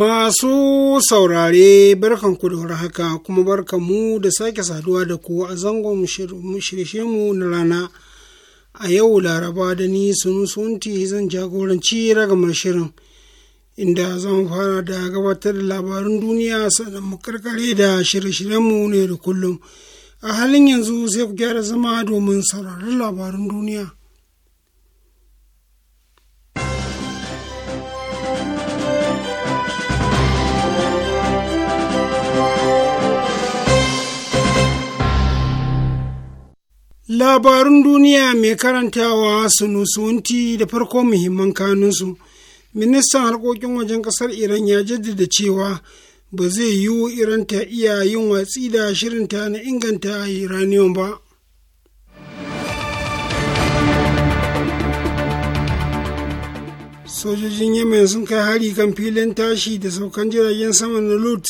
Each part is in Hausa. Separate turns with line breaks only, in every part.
Masu saurare barkan ku da haka kuma barkan mu da sake saduwa da ku a zangon shirye-shiryenmu na rana a yau laraba da ni sunti zan jagoranci ragamar shirin inda zan fara da gabatar da labarin duniya sannan mu karkare da shirye-shiryenmu ne da kullum a halin yanzu sai ku gyara zama domin sauraron labarin duniya. Labarun duniya mai karantawa su sunusunti da farko muhimman kanunsu. Ministan harkokin wajen ƙasar Iran ya jaddada cewa ba zai yiwu Iran ta iya yin watsi da shirinta na inganta uranium ba. Sojojin Yemen sun kai hari kan filin tashi da saukan jiragen sama na Lut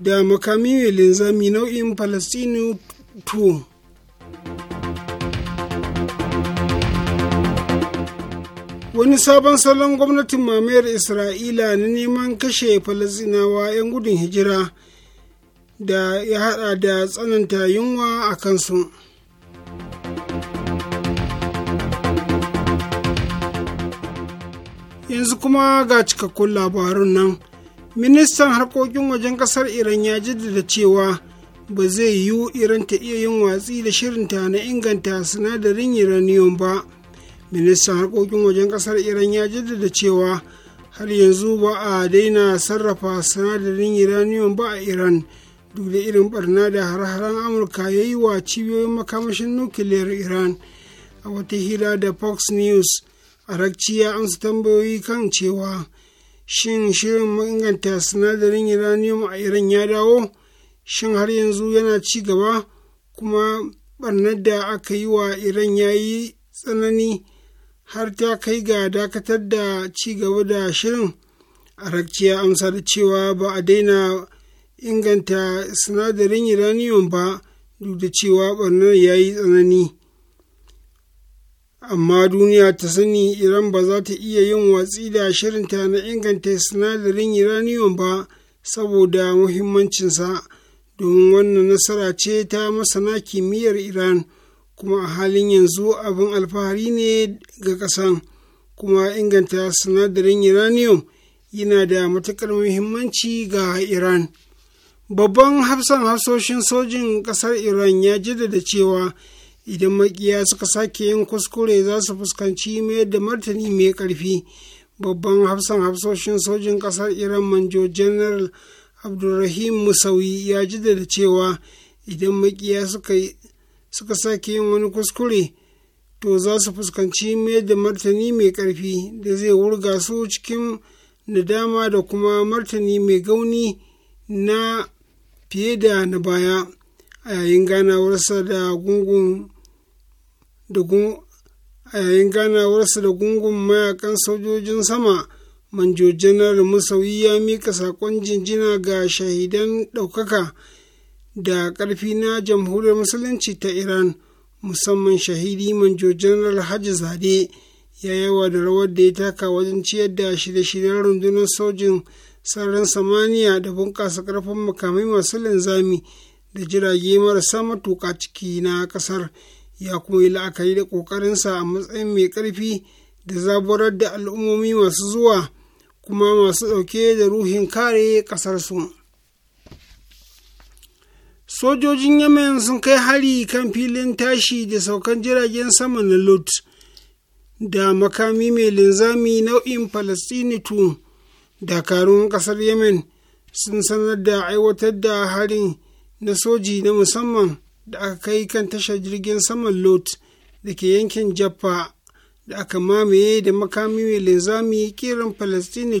da makami mai linzami nau'in Falastinu 2. wani sabon salon gwamnatin mamayar isra'ila na neman kashe falasinawa 'yan gudun hijira da ya hada da tsananta yunwa a kansu yanzu kuma ga cikakkun labarun nan ministan harkokin wajen kasar iran ya jaddada cewa ba zai yiwu iran ta iya yin watsi da shirinta na inganta sinadarin uranium ba ministan harkokin wajen kasar iran ya jaddada cewa har yanzu ba a daina sarrafa sinadarin iranium ba a iran duk da irin barna da har-haren amurka ya yi wa cibiyoyin makamashin nukiliyar iran a wata hira da fox news arakci ya amsa tambayoyi kan cewa shin shirin inganta sinadarin iranium a iran ya dawo shin har yanzu yana ci gaba kuma barnar da aka yi wa iran ya yi tsanani har ta kai ga dakatar da cigaba da shirin arakci ya amsa da cewa ba a daina inganta sinadarin uranium ba duk da cewa barnar ya yi tsanani amma duniya ta sani iran ba za ta iya yin watsi da shirinta na inganta sinadarin uranium ba saboda muhimmancinsa domin wannan nasara ce ta masana kimiyyar iran kuma a halin yanzu abin alfahari ne ga ƙasan kuma inganta sinadarin uranium yana da matukar muhimmanci ga iran babban hafsan hafsoshin sojin ƙasar iran ya jaddada cewa idan makiya suka sake yin kuskure za su fuskanci mai da martani mai ƙarfi babban hafsan hafsoshin sojin ƙasar iran manjo general abdulrahim musawi ya jaddada cewa idan makiya suka suka sake yin wani kuskure to za su fuskanci mai da martani mai ƙarfi da zai wurga su cikin nadama da kuma martani mai gauni na fiye da na baya a yayin ganawarsa da gungun da a yayin ganawarsa da gungun mayakan sojojin sama manjo janar musauyi ya mika saƙon jinjina ga shahidan ɗaukaka da ƙarfi na jamhuriyar musulunci ta iran musamman shahidi manjo janar hajji zade ya yawa da rawar da ya taka wajen ciyar da shirye-shiryen rundunar sojin sararin samaniya da bunƙasa ƙarfin makamai masu linzami da jirage marasa matuƙa ciki na ƙasar ya kuma yi la'akari da ƙoƙarinsa a matsayin mai ƙarfi da zaburar da al'ummomi masu zuwa kuma masu ɗauke da ruhin kare ƙasarsu. sojojin yemen sun kai hari kan filin tashi da saukan jiragen sama na lot da makami mai linzami nau'in palestini 2 dakarun kasar yemen sun sanar da aiwatar da harin na soji na musamman da aka kai kan tashar jirgin saman lot da ke yankin jaffa da aka mamaye da makami mai linzami kiran palestini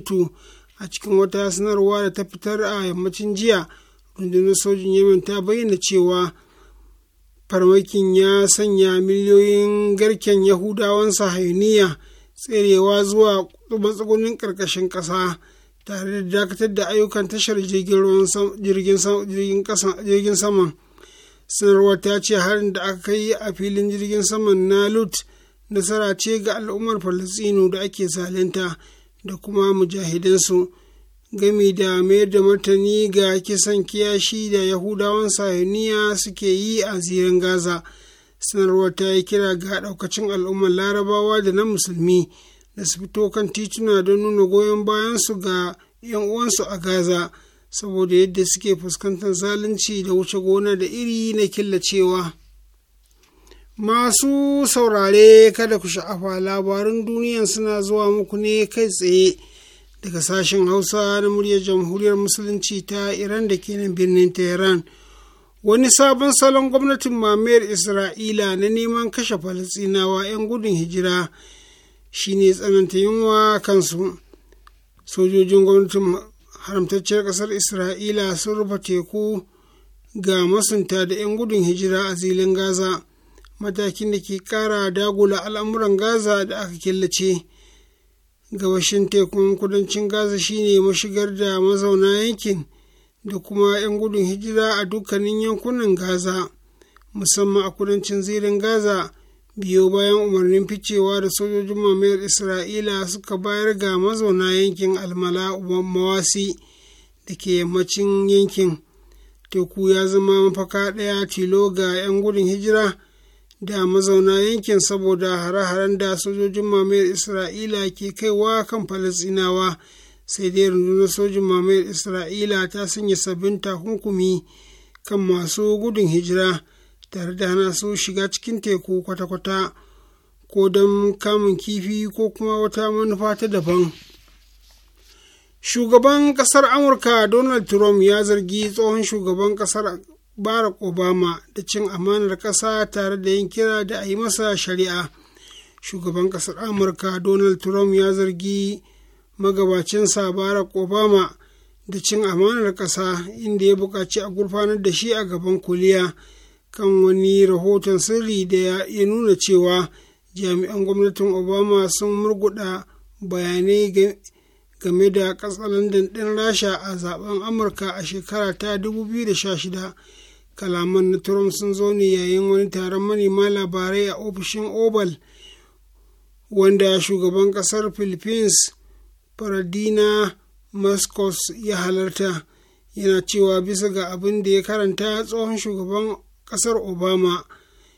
a cikin wata sanarwa da ta fitar a yammacin jiya rundunar sojin yemen ta bayyana cewa farmakin ya sanya miliyoyin garken yahudawan sahayuniya tserewa zuwa tsugunin karkashin kasa tare da dakatar da ayyukan tashar jirgin saman sanarwar ta ce harin da aka kai a filin jirgin saman na lut nasara ce ga al'ummar falasino da ake zalunta da kuma mujahidansu gami da mayar da martani ga kisan kiyashi da yahudawan sayaniya suke yi a ziren gaza sanarwar ta yi kira ga ɗaukacin al'ummar larabawa da na musulmi da su fito kan tituna don nuna goyon bayansu ga 'yan uwansu a gaza saboda yadda suke fuskantar zalunci da wuce gona da iri na killacewa masu saurare kada ku sha'afa labarin duniya suna zuwa muku ne kai tsaye daga sashen hausa na muryar jamhuriyar musulunci ta iran da ke nan birnin tehran wani sabon salon gwamnatin mamayar isra'ila na neman kashe falastinawa 'yan gudun hijira shine tsananta yunwa kansu sojojin gwamnatin haramtacciyar ƙasar isra'ila sun rufe teku ga masunta da 'yan gudun hijira a zilin gaza matakin da ke kara dagula al'amuran gaza da aka killace. gabashin tekun kudancin gaza shine mashigar da mazauna yankin da kuma 'yan gudun hijira a dukkanin yankunan gaza musamman a kudancin zirin gaza biyo bayan umarnin ficewa da sojojin mamayar isra'ila suka bayar ga mazauna yankin almala mawasi da ke yammacin yankin teku ya zama mafaka ɗaya tilo ga 'yan gudun hijira da mazauna yankin saboda hare-haren da sojojin mamayar isra'ila ke kaiwa kan falasinawa sai dai rundunar sojin mamayar isra'ila ta sanya sabbin takunkumi kan masu gudun hijira tare da hana su shiga cikin teku kwata-kwata ko don kamun kifi ko kuma wata manufa ta daban shugaban kasar amurka donald trump ya zargi tsohon shugaban kasar barack obama da cin amanar ƙasa tare da yin kira da a yi masa shari'a shugaban ƙasar amurka donald trump ya zargi magabacinsa barack obama da cin amanar ƙasa inda ya buƙaci a gurfanar da shi a gaban kuliya kan wani rahoton sirri da ya nuna cewa jami'an gwamnatin obama sun murguɗa bayanai game da katsalandan ɗin rasha a zaben amurka a shekara ta 2016 kalaman na trump sun zo ne yayin wani taron manema labarai a ofishin oval wanda shugaban kasar philippines faradina mascos ya halarta yana cewa bisa ga abin da ya karanta tsohon shugaban kasar obama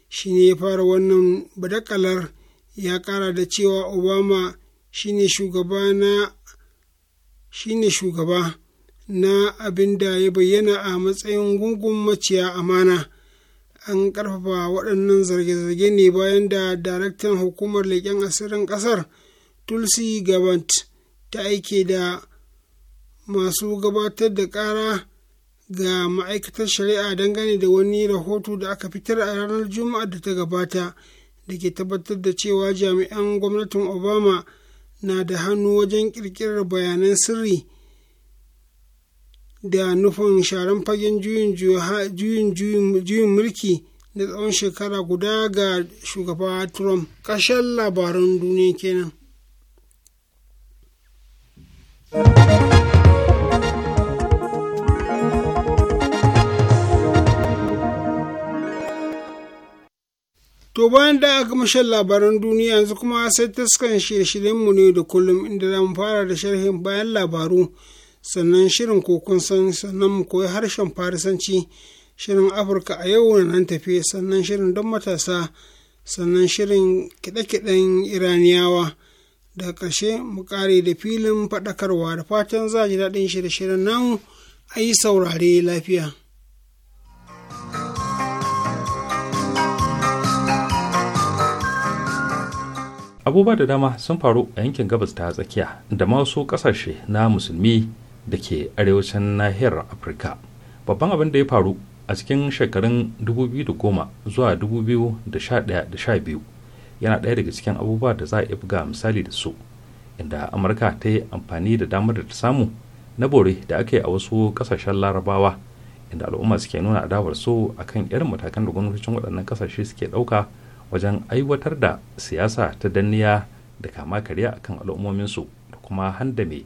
shine ya fara wannan badakalar ya kara da cewa obama ne shugaba na shine shugaba na abin da ya bayyana a matsayin gungun maciya amana an karfafa waɗannan zarge-zarge ne bayan da daraktan hukumar leƙen asirin ƙasar tulsi gabant ta aike da masu gabatar da ƙara ga ma'aikatar shari'a dangane da wani rahoto da aka fitar a ranar juma'a da ta gabata da ke tabbatar da cewa jami'an gwamnatin obama na da hannu wajen ƙirƙirar bayanan sirri. da nufin sharan fagen juyin juyin mulki da tsawon shekara guda ga shugaba trump ƙashen labaran duniya kenan To bayan da aka mashan labaran duniya yanzu kuma sai ta taskan shirye-shiryenmu ne da kullum inda za fara da sharhin bayan labaru sannan shirin kun san sannan mu koyi harshen farisanci shirin afirka a yau na nan tafi sannan shirin don matasa sannan shirin kiɗe-kiɗen iraniyawa da ƙarshe mu ƙare da filin faɗakarwa da fatan za ji daɗin shirye-shiryen nan a yi saurare lafiya.
abubuwa da dama sun faru a yankin gabas ta tsakiya da masu kasashe na musulmi da ke arewacin nahiyar afirka babban abin da ya faru a cikin shekarun 2010 zuwa 2011-12 yana ɗaya daga cikin abubuwa da za a buga misali da su inda amurka ta yi amfani da damar da ta samu na bore da aka yi a wasu ƙasashen larabawa inda al'umma suke nuna adawar su kan irin matakan da gwamnatocin waɗannan ƙasashe suke ɗauka wajen aiwatar da siyasa ta danniya da kama karya akan al'ummominsu da kuma handame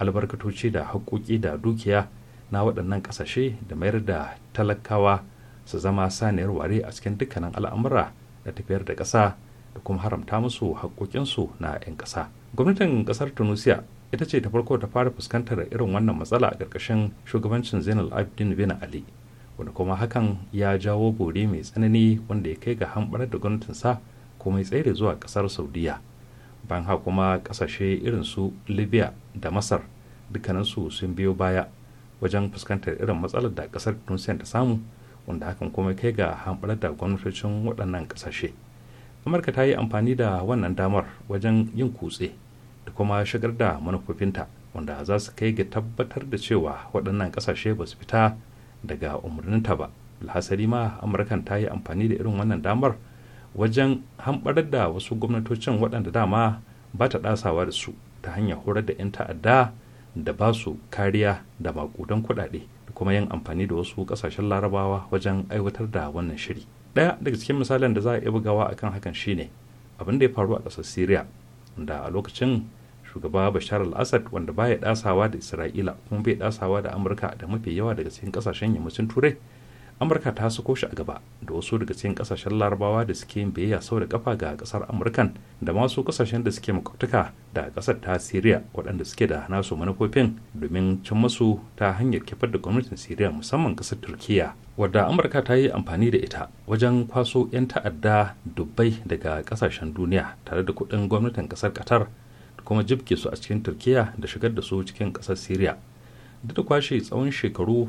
albarkatoci da haƙoƙi da dukiya na waɗannan ƙasashe da mayar da talakawa su zama saniyar ware a cikin dukkanin al'amura da tafiyar da ƙasa da kuma haramta musu haƙoƙinsu na 'yan ƙasa gwamnatin ƙasar tunisia ita ce ta farko ta fara fuskantar irin wannan matsala a ƙarƙashin shugabancin zainal abidin bin ali wanda kuma hakan ya jawo bore mai tsanani wanda ya kai ga hamɓarar da gwamnatinsa kuma ya tsere zuwa ƙasar saudiya banha haka kuma kasashe irin su libya da masar dukkaninsu sun biyo baya wajen fuskantar irin matsalar da kasar tunisia ta samu wanda hakan kuma kai ga hamɓarar da gwamnatocin waɗannan kasashe amurka ta yi amfani da wannan damar wajen yin kutse da kuma shigar da manufofinta wanda za su kai ga tabbatar da cewa waɗannan kasashe ba su fita daga umarninta ba alhasari ma amurkan ta yi amfani da irin wannan damar wajen hamɓarar da wasu gwamnatocin waɗanda dama ba ta ɗasawa da su ta hanyar horar da 'yan ta'adda da ba su kariya da makudan kuɗaɗe da kuma yin amfani da wasu ƙasashen larabawa wajen aiwatar da wannan shiri ɗaya daga cikin misalin da za a iya bugawa akan hakan shine abin da ya faru a ƙasar syria da a lokacin shugaba bashar al-assad wanda baya ɗasawa da isra'ila kuma bai ɗasawa da amurka da mafi yawa daga cikin ƙasashen yammacin turai amurka ta sako shi a gaba da wasu daga cikin kasashen larabawa da suke biyayya sau da kafa ga kasar amurkan da masu kasashen da suke makwabtaka da kasar ta siriya waɗanda suke da nasu manufofin domin cin masu ta hanyar kifar da gwamnatin siriya musamman kasar turkiya wadda amurka ta yi amfani da ita wajen kwaso 'yan ta'adda dubbai daga kasashen duniya tare da kuɗin gwamnatin kasar qatar da kuma jibge su a cikin turkiya da shigar da su cikin kasar siriya duk da kwashe tsawon shekaru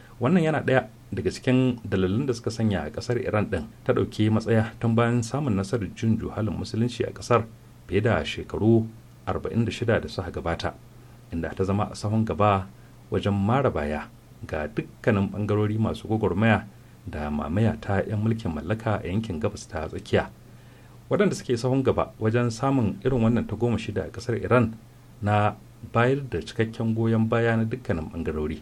wannan yana ɗaya daga cikin dalilin da suka sanya a ƙasar iran ɗin ta ɗauki matsaya tun bayan samun nasarar jin juhalin musulunci a ƙasar fiye da shekaru 46 da suka gabata inda ta zama a sahun gaba wajen mara baya ga dukkanin bangarori masu gwagwarmaya da mamaya ta 'yan mulkin mallaka a yankin gabas ta tsakiya waɗanda suke sahun gaba wajen samun irin wannan ta goma shida a ƙasar iran na bayar da cikakken goyon baya na dukkanin bangarori.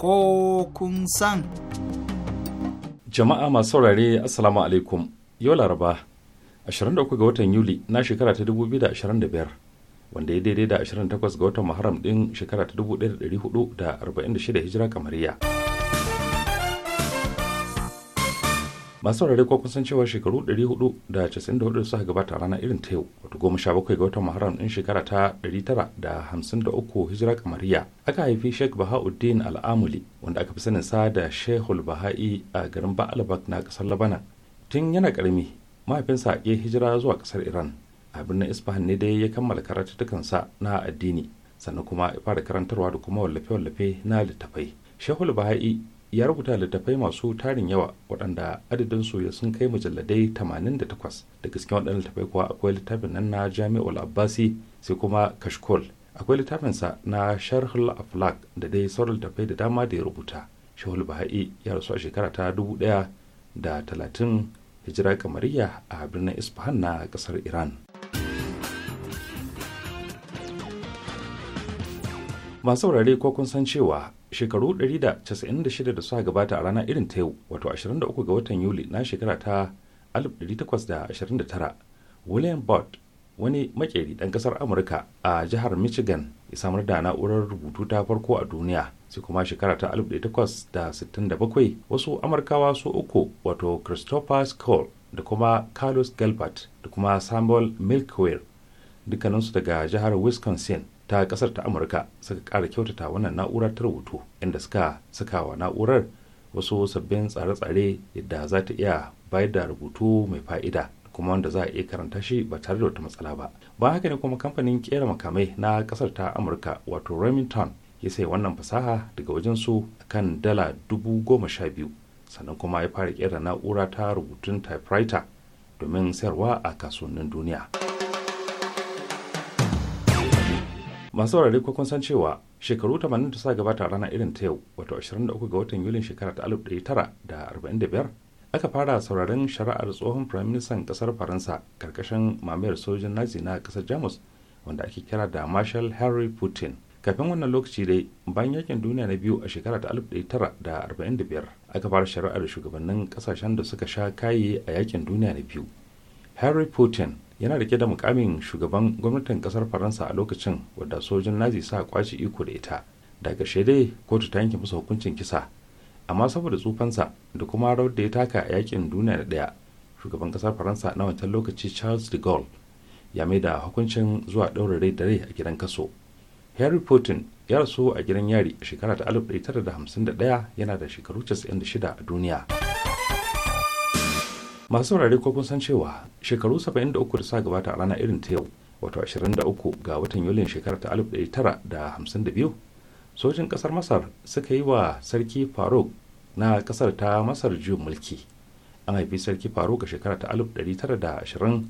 ko kun san.
Jama'a masu saurare Assalamu alaikum yau Laraba 23 ga watan Yuli na shekara ta 2025 wanda ya daidai da 28 ga watan Muharram ɗin shekara ta 1446 Hijira kamariya. masu saurare ko kun san cewa shekaru 494 da suka gabata rana irin ta yau wato goma sha bakwai ga watan muharram din shekara ta 953 hijira kamariya aka haifi sheikh bahauddin al'amuli wanda aka fi sanin sa da shehul baha'i a garin ba'albak na kasar labana tun yana karami mahaifinsa ya hijira zuwa kasar iran a birnin isfahan ne dai ya kammala sa na addini sannan kuma ya fara karantarwa da kuma wallafe-wallafe na littafai shehul baha'i ya rubuta littattafai masu tarin yawa waɗanda adadinsu ya sun kai mujalladai 88 daga cikin waɗannan littattafai kuwa akwai littafin nan na jami'ul abbasi sai kuma kashkol akwai littafinsa na sharhul aflak da dai sauran littattafai da dama da ya rubuta shahul baha'i ya rasu a shekara ta ɗaya da talatin hijira kamariya a birnin isfahan na ƙasar iran masu saurare ko kun san cewa shekaru 196 da suka gabata a rana irin ta yau wato 23 ga watan yuli na shekara ta 1829 william bott wani makeri ɗan ƙasar amurka a jihar michigan ya samar da na'urar rubutu ta farko a duniya sai kuma shekara ta 1867 wasu amurkawa su uku wato christopher skoll da kuma carlos gilbert da kuma samuel milkweir dukkaninsu daga jihar wisconsin ta kasar ta amurka suka kara kyautata wannan na'ura ta rubutu inda suka saka wa na'urar wasu sabbin tsare-tsare yadda za ta iya bayar da rubutu mai fa'ida kuma wanda za a iya karanta shi ba tare da wata matsala ba ba haka ne kuma kamfanin kera makamai na kasar ta amurka wato remington ya sai wannan fasaha daga wajen su kan dala dubu goma sha biyu sannan kuma ya fara kera na'ura ta rubutun typewriter domin sayarwa a kasuwannin duniya. masu wurare ko kun san cewa shekaru 80 da sa gabata rana irin ta yau wato 23 ga watan yulin shekara ta 1945 aka fara sauraron shari'ar tsohon firaministan kasar faransa karkashin mamayar sojin nazi na kasar jamus wanda ake kira da marshal harry putin kafin wannan lokaci dai bayan yakin duniya na biyu a shekara ta 1945 aka fara shari'ar shugabannin kasashen da suka sha kaye a yakin duniya na biyu harry putin yana rike da mukamin shugaban gwamnatin kasar faransa a lokacin wadda sojin nazi sa kwace iko da ita da daga dai kotu ta yanke masa hukuncin kisa amma saboda tsufansa da kuma rawar da ya taka a yakin duniya da daya shugaban kasar faransa na wancan lokaci charles de gaulle ya mai da hukuncin zuwa ɗaura rai da rai a gidan kaso harry putin ya rasu a gidan yari a shekara ta 1951 yana da shekaru 96 a duniya. masu saurare ko kun san cewa shekaru 73 da suka gabata a rana irin ta yau wato 23 ga watan yulin shekarar ta 1952 sojin kasar masar suka yi wa sarki faruk na kasar ta masar juyin mulki an haifi sarki faruk a shekarar ta 1920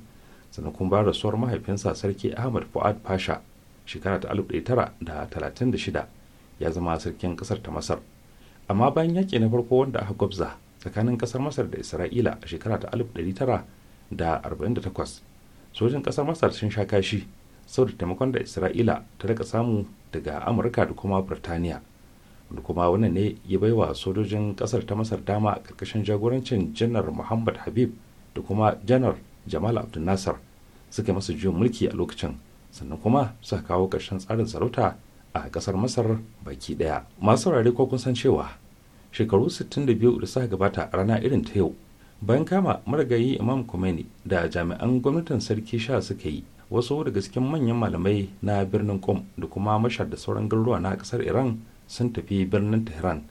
sannan kuma da rasuwar mahaifinsa sarki ahmad fuad pasha shekara ta 1936 ya zama sarkin kasar ta masar amma bayan yaƙi na farko wanda aka gwabza tsakanin kasar masar da isra'ila a shekara ta 1948 sojin kasar masar sun sha kashi sau da taimakon da isra'ila ta rika samu daga amurka da kuma birtaniya da kuma wannan ne ya baiwa sojojin kasar ta masar dama a karkashin jagorancin janar muhammad habib da kuma janar jamal abdul nasar suka masa juyin mulki a lokacin sannan kuma suka kawo ƙarshen tsarin sarauta a kasar masar baki daya masu saurare ko kun san cewa shekaru 62 da suka gabata a rana irin ta yau bayan kama marigayi imam Khomeini da jami'an gwamnatin sarki sha suka yi wasu daga cikin manyan malamai na birnin kom da kuma mashar da sauran garuruwa na kasar iran sun tafi birnin tehran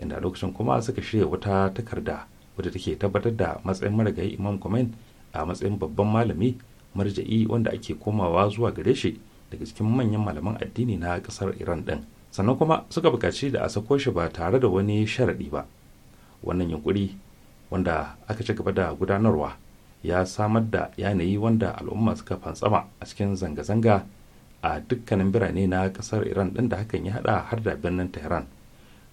inda lokacin kuma suka shirya wata takarda wadda take tabbatar da matsayin marigayi imam Khomeini a matsayin babban malami marja'i wanda ake komawa zuwa gare shi daga cikin manyan malaman addini na kasar iran din sannan kuma suka bukaci da a sako shi ba tare da wani sharaɗi ba wannan yunkuri wanda aka ci gaba da gudanarwa ya samar da yanayi wanda al'umma suka fantsama a cikin zanga-zanga a dukkanin birane na kasar iran ɗin da hakan ya haɗa har da birnin tehran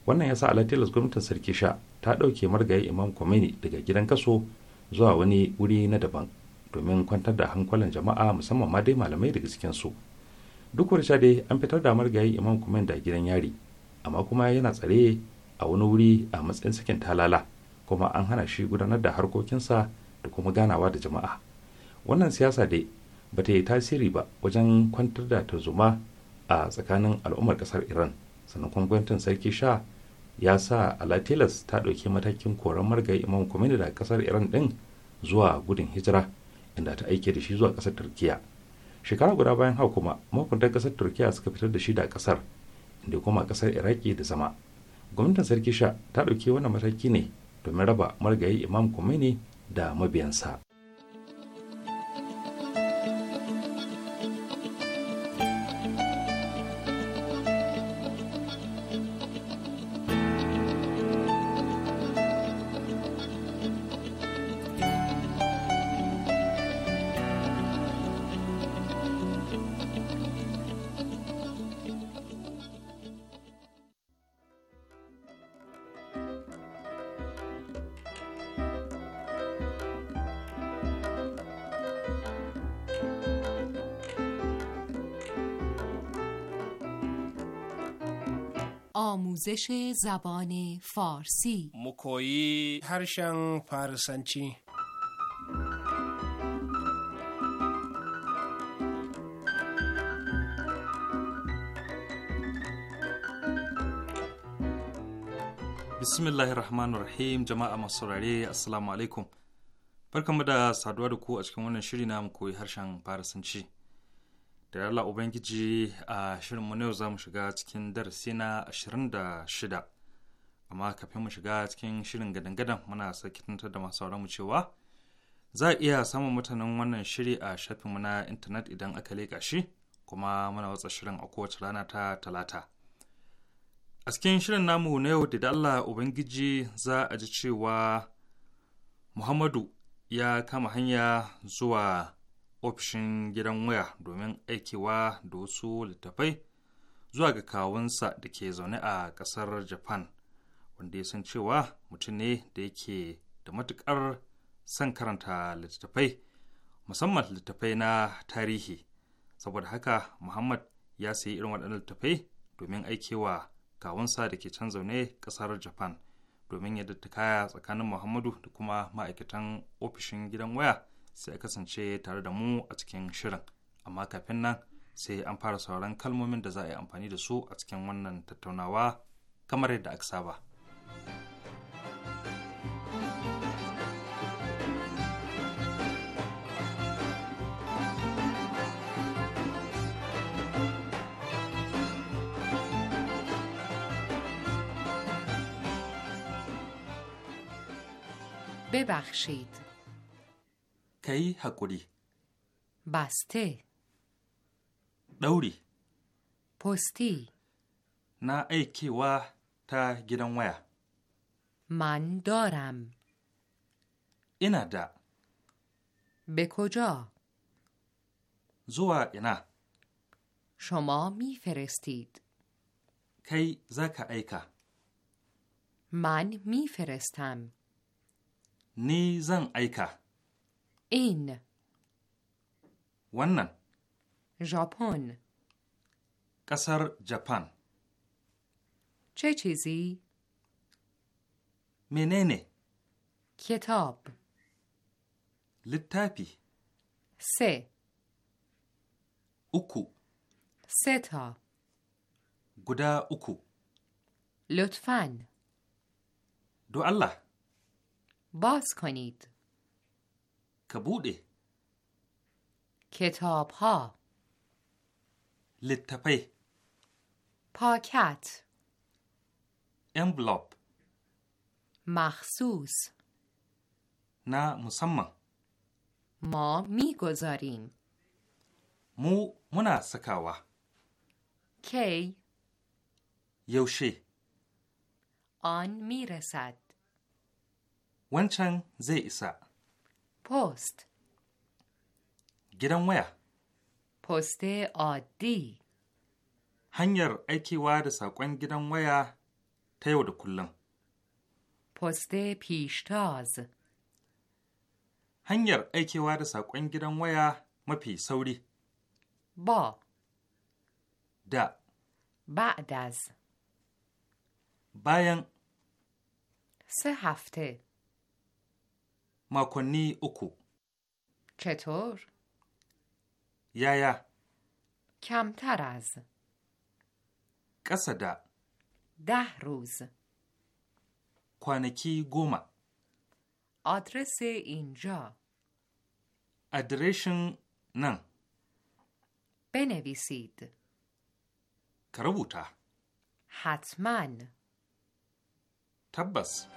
wannan ya sa alatilas gwamnatin sarki sha ta ɗauke margayi imam Khomeini daga gidan kaso zuwa wani wuri na daban domin kwantar da hankulan jama'a musamman ma dai malamai daga cikinsu su duk wani dai an fitar da margayi imam kuma da gidan yari amma kuma yana tsare a wani wuri a matsayin sakin talala kuma an hana shi gudanar da harkokinsa da kuma ganawa da jama'a wannan siyasa dai ba ta yi tasiri ba wajen kwantar da tarzoma a tsakanin al'ummar kasar iran sannan kuma gwamnatin sarki sha ya sa alatilas ta ɗauki matakin koran margayi imam kuma da kasar iran din zuwa gudun hijira inda ta aike da shi zuwa kasar turkiya shekara guda bayan haka kuma mahukuntar kasar turkiya suka fitar da shi da kasar da kuma kasar iraki da zama gwamnatin sarki sha ta ɗauki wannan mataki ne domin raba marigayi imam khomeini da mabiyansa
آموزش زبان فارسی
مکویی هرشن فارسنچی
bismillahir rahmanir rahim jama'a masu saurare assalamu alaikum barkanmu da saduwa da ku a cikin wannan shiri na mu koyi harshen farasanci da Allah Ubangiji a shirinmu na yau za mu shiga cikin darasi na 26 amma kafin mu shiga cikin shirin gadan-gadan muna sakitantar da masu mu cewa za a iya samun mutanen wannan shiri a mu na intanet idan aka leƙa shi kuma muna watsa shirin a kowace rana ta talata a cikin shirin namu na yau da Allah Ubangiji za a ji cewa Muhammadu ya kama hanya zuwa ofishin gidan waya domin aikewa da wasu littattafai zuwa ga kawunsa da ke zaune a ƙasar japan wanda ya san cewa mutum ne da yake da matukar son karanta littattafai musamman littattafai na tarihi saboda haka muhammad ya sayi irin waɗannan littattafai domin aikewa kawunsa da ke can zaune ƙasar japan domin ya kaya tsakanin muhammadu da kuma ma'aikatan ofishin gidan waya sai kasance tare da mu a cikin shirin amma kafin nan sai an fara sauran kalmomin da za a yi amfani da su a cikin wannan tattaunawa kamar yadda aka saba.
ببخشید
ka yi
بسته دوری پستی posti
na و تا gidan
من دارم اینا دا به کجا؟
زوا اینا
شما می فرستید کی
زکا ایکا
من میفرستم
نی زن ایکا in wannan
japan
ƙasar japan
cecizi menene kitab
littafi se uku
seta guda uku lutfan do allah باز کنید کبوده کتاب ها پاکت امبلوب مخصوص
نه مسمم
ما میگذاریم
مو منا سکاوا کی یوشی
آن میرسد
ونچن زی ایسا پست gidan waya. Poste odi. Hanyar aikewa da saƙon gidan waya ta yau da kullum.
Poste pishtaz.
Hanyar aikewa da saƙon gidan waya mafi sauri.
Ba. Da. Ba'daz. Bayan. Sai hafte.
makonni uku.
Chetor? Yaya? Kyamtar az.
Ƙasa da?
Dah ruz.
Kwanaki goma.
Adrese inja. Adireshin nan. Benevisid. Ka rubuta. Hatman.
Tabbas.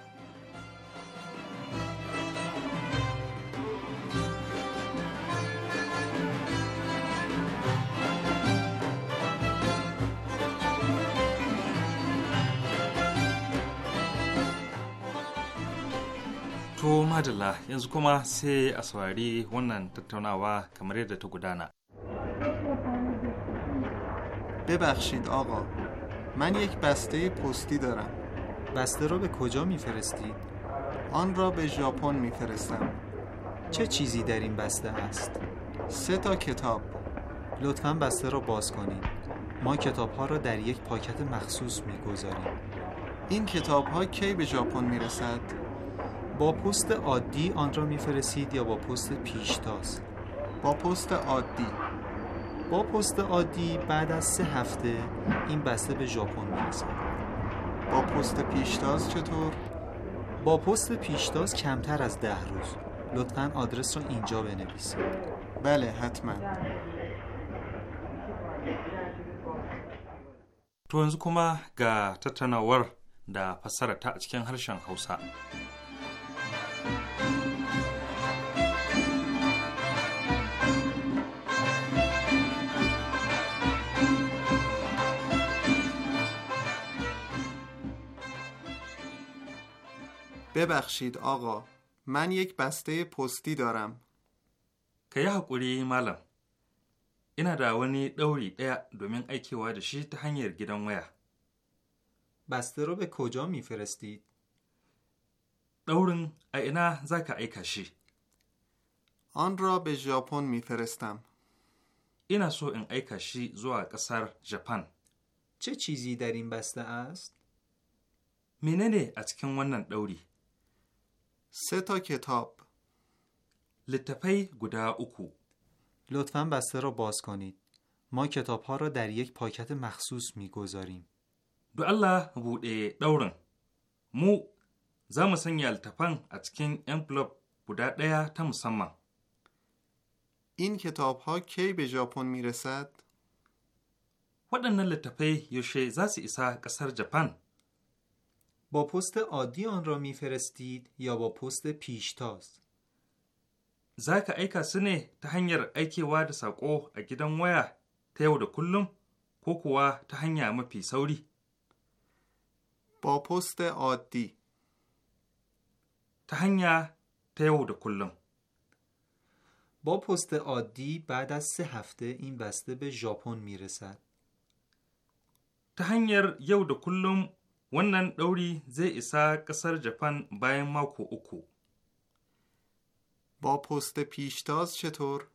To Madalla yanzu kuma sai a saurari wannan tattaunawa kamar yadda ta gudana.
ببخشید آقا من یک بسته پستی دارم بسته را به کجا میفرستید؟ آن را به ژاپن میفرستم چه چیزی در این بسته است؟ سه تا کتاب لطفا بسته را باز کنید ما کتاب ها را در یک پاکت مخصوص میگذاریم این کتاب کی به ژاپن میرسد؟ با پست عادی آن را میفرستید یا با پست پیشتاز با پست عادی با پست عادی بعد از سه هفته این بسته به ژاپن میرسه با پست پیشتاز چطور با پست پیشتاز کمتر از ده روز لطفا آدرس را اینجا بنویسید بله حتما تو yanzu kuma
ga tattaunawar da fassara ta
ببخشید آقا من یک بسته پستی دارم که یه حقوری مالم اینا دا دوری دیا دومین ایکی وادشی تهنگیر هنگر ویا بسته رو به کجا میفرستید؟ دورن اینا زکا ایکشی آن را به ژاپن میفرستم اینا سو این ایکشی زوا قصر ژاپن چه چیزی در این بسته است؟ نه از کن ونن دوری؟ سه تا کتاب لطفی گدا اوکو لطفا بسته را باز کنید ما کتاب ها را در یک پاکت مخصوص می گذاریم دو الله بوده دورن مو زم سنگ التفن کن امپلوب بودا دیا تم سمم این کتاب ها کی به ژاپن می رسد؟ waɗannan لطفی یوشه زاسی ایسا کسر با پست عادی آن را میفرستید یا با پست پیشتاز زاک ایکا سنه تا هنگر ایکی واد
ساکو اگیدن ویا تیو دا کلوم کوکوا تا هنگر اما پی سوری
با پست عادی تا هنگر تیو دا کلوم با پست عادی بعد از سه هفته این بسته به ژاپن میرسد. تا هنگر یو کلوم Wannan ɗauri zai isa ƙasar Japan bayan mako uku. Ba posta پیشتاز چطور؟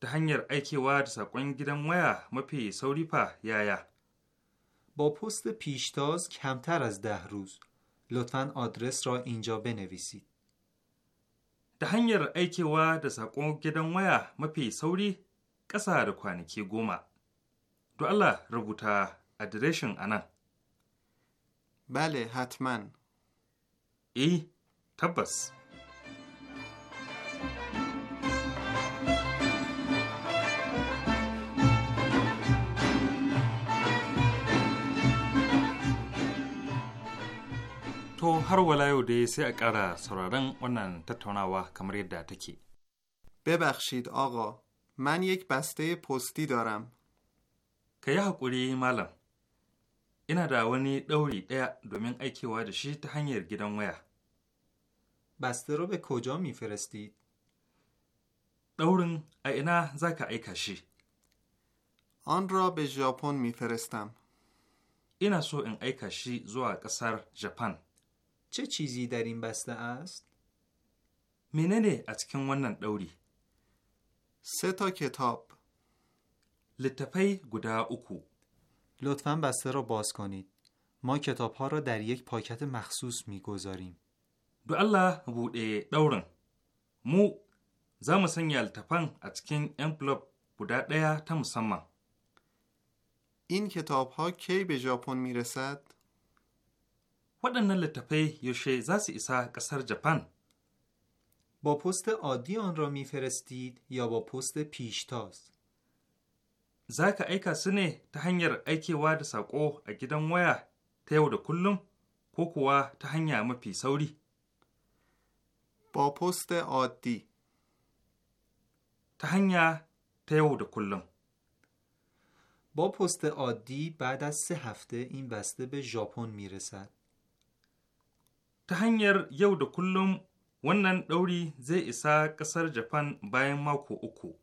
ta hanyar aikewa da saƙon gidan waya mafi sauri fa yaya. با da پیشتاز کمتر da ده روز. لطفا آدرس را اینجا بنویسید. ta hanyar aikewa da saƙon gidan waya mafi sauri
ƙasa da kwanaki goma. Do Allah rubuta adireshin anan.
بله حتما ای بس
تو هر ولایو دی سی اقرا
سرارن ونن تتوناوا کمر یدا تکی ببخشید آقا من یک بسته پستی دارم که یا قوری ina da wani ɗauri ɗaya domin aikewa da shi ta hanyar gidan waya. Basta rube be kojo mi feresti? Ɗaurin a ina za ka aika shi. An ra Japan mi ferestam. Ina so in aika shi zuwa ƙasar Japan. Ce cizi darin basta as. Menene a cikin wannan ɗauri? ke top. Littafai guda uku. لطفا بسته را باز کنید. ما کتاب ها را در یک پاکت مخصوص می گذاریم. دو الله بوده دورن. مو زم سنگل التفن از کن امپلوب بوده دیا تا سمم. این کتاب ها کی به ژاپن می رسد؟ ودن littattafai یوشه زاسی su قصر با پست عادی آن را میفرستید یا با پست پیشتاز؟ za ka aika su ne ta hanyar aikewa da saƙo a gidan waya ta yau da kullum ko kuwa ta hanya mafi sauri. با پست ta hanya ta yau da kullum. با پست عادی بعد از سه هفته این بسته به ژاپن میرسد. ta hanyar yau da kullum wannan ɗauri zai isa ƙasar Japan bayan mako uku.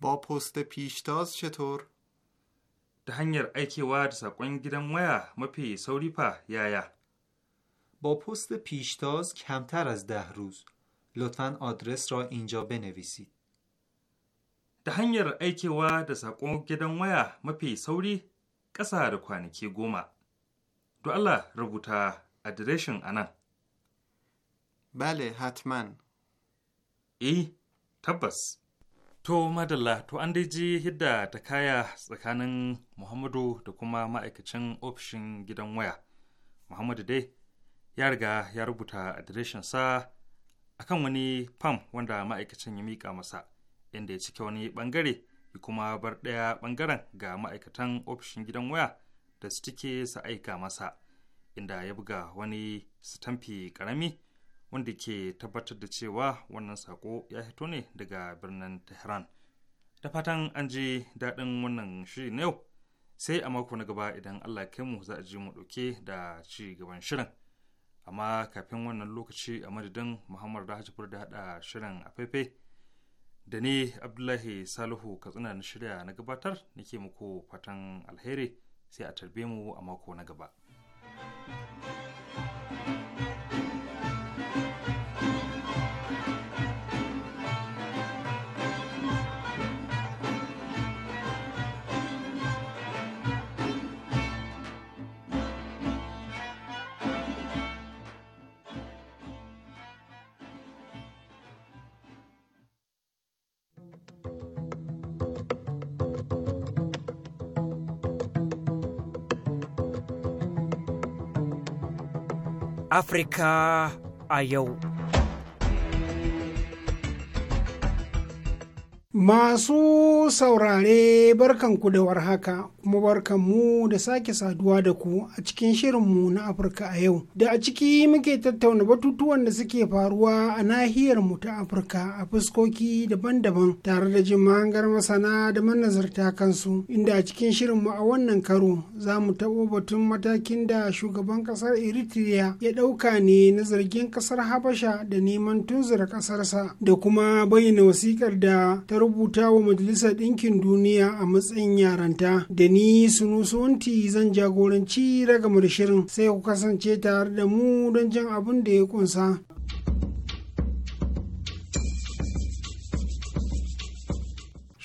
با پست پیشتاز چطور؟ ta hanyar aikewa da saƙon gidan waya mafi sauri fa yaya با پست پیشتاز کمتر از ده روز لطفا آدرس را اینجا بنویسید ta hanyar aikewa da saƙon gidan waya mafi sauri
ƙasa da kwanaki goma to Allah rubuta adireshin a nan bale hatman eh tabbas To madalla to an dai ji hidda ta kaya tsakanin Muhammadu da kuma ma'aikacin ofishin gidan waya. Muhammadu dai ya riga ya rubuta adireshinsa a kan wani fam wanda ma'aikacin ya miƙa masa inda ya cike wani ɓangare ya kuma bar ɗaya ɓangaren ga ma'aikatan ofishin gidan waya da su tike su aika masa inda ya buga wani sitamfi ƙarami wanda ke tabbatar da cewa wannan sako ya hito ne daga birnin tehran Ta fatan an ji daɗin wannan shiri na yau sai a mako na gaba idan allah kai mu za a ji mu ɗauke da ci gaban shirin amma kafin wannan lokaci a madadin muhammad da da haɗa shirin a faife da ne abdullahi salihu katsina na shirya na gabatar nake muku fatan alheri sai a tarbe mu a mako na gaba. thank you
Afirka a yau.
Masu saurare barkanku da warhaka kuma barkanmu da sake saduwa da ku a cikin shirinmu na Afirka a yau. Da a ciki muke tattauna batutuwan da suke faruwa a nahiyar mu ta Afirka a fuskoki daban-daban tare da jin mahangar masana da manazarta kansu inda a cikin shirinmu a wannan karo za mu taɓo batun matakin da shugaban ƙasar Eritrea ya ɗauka ne na zargin ƙasar Habasha da neman tunzura ƙasarsa da kuma bayyana wasiƙar da ta rubuta wa majalisar ɗinkin duniya a matsayin yaranta da ni sunusunti zan jagoranci ragamar shirin sai ku kasance tare da mu don jan abin da ya kunsa.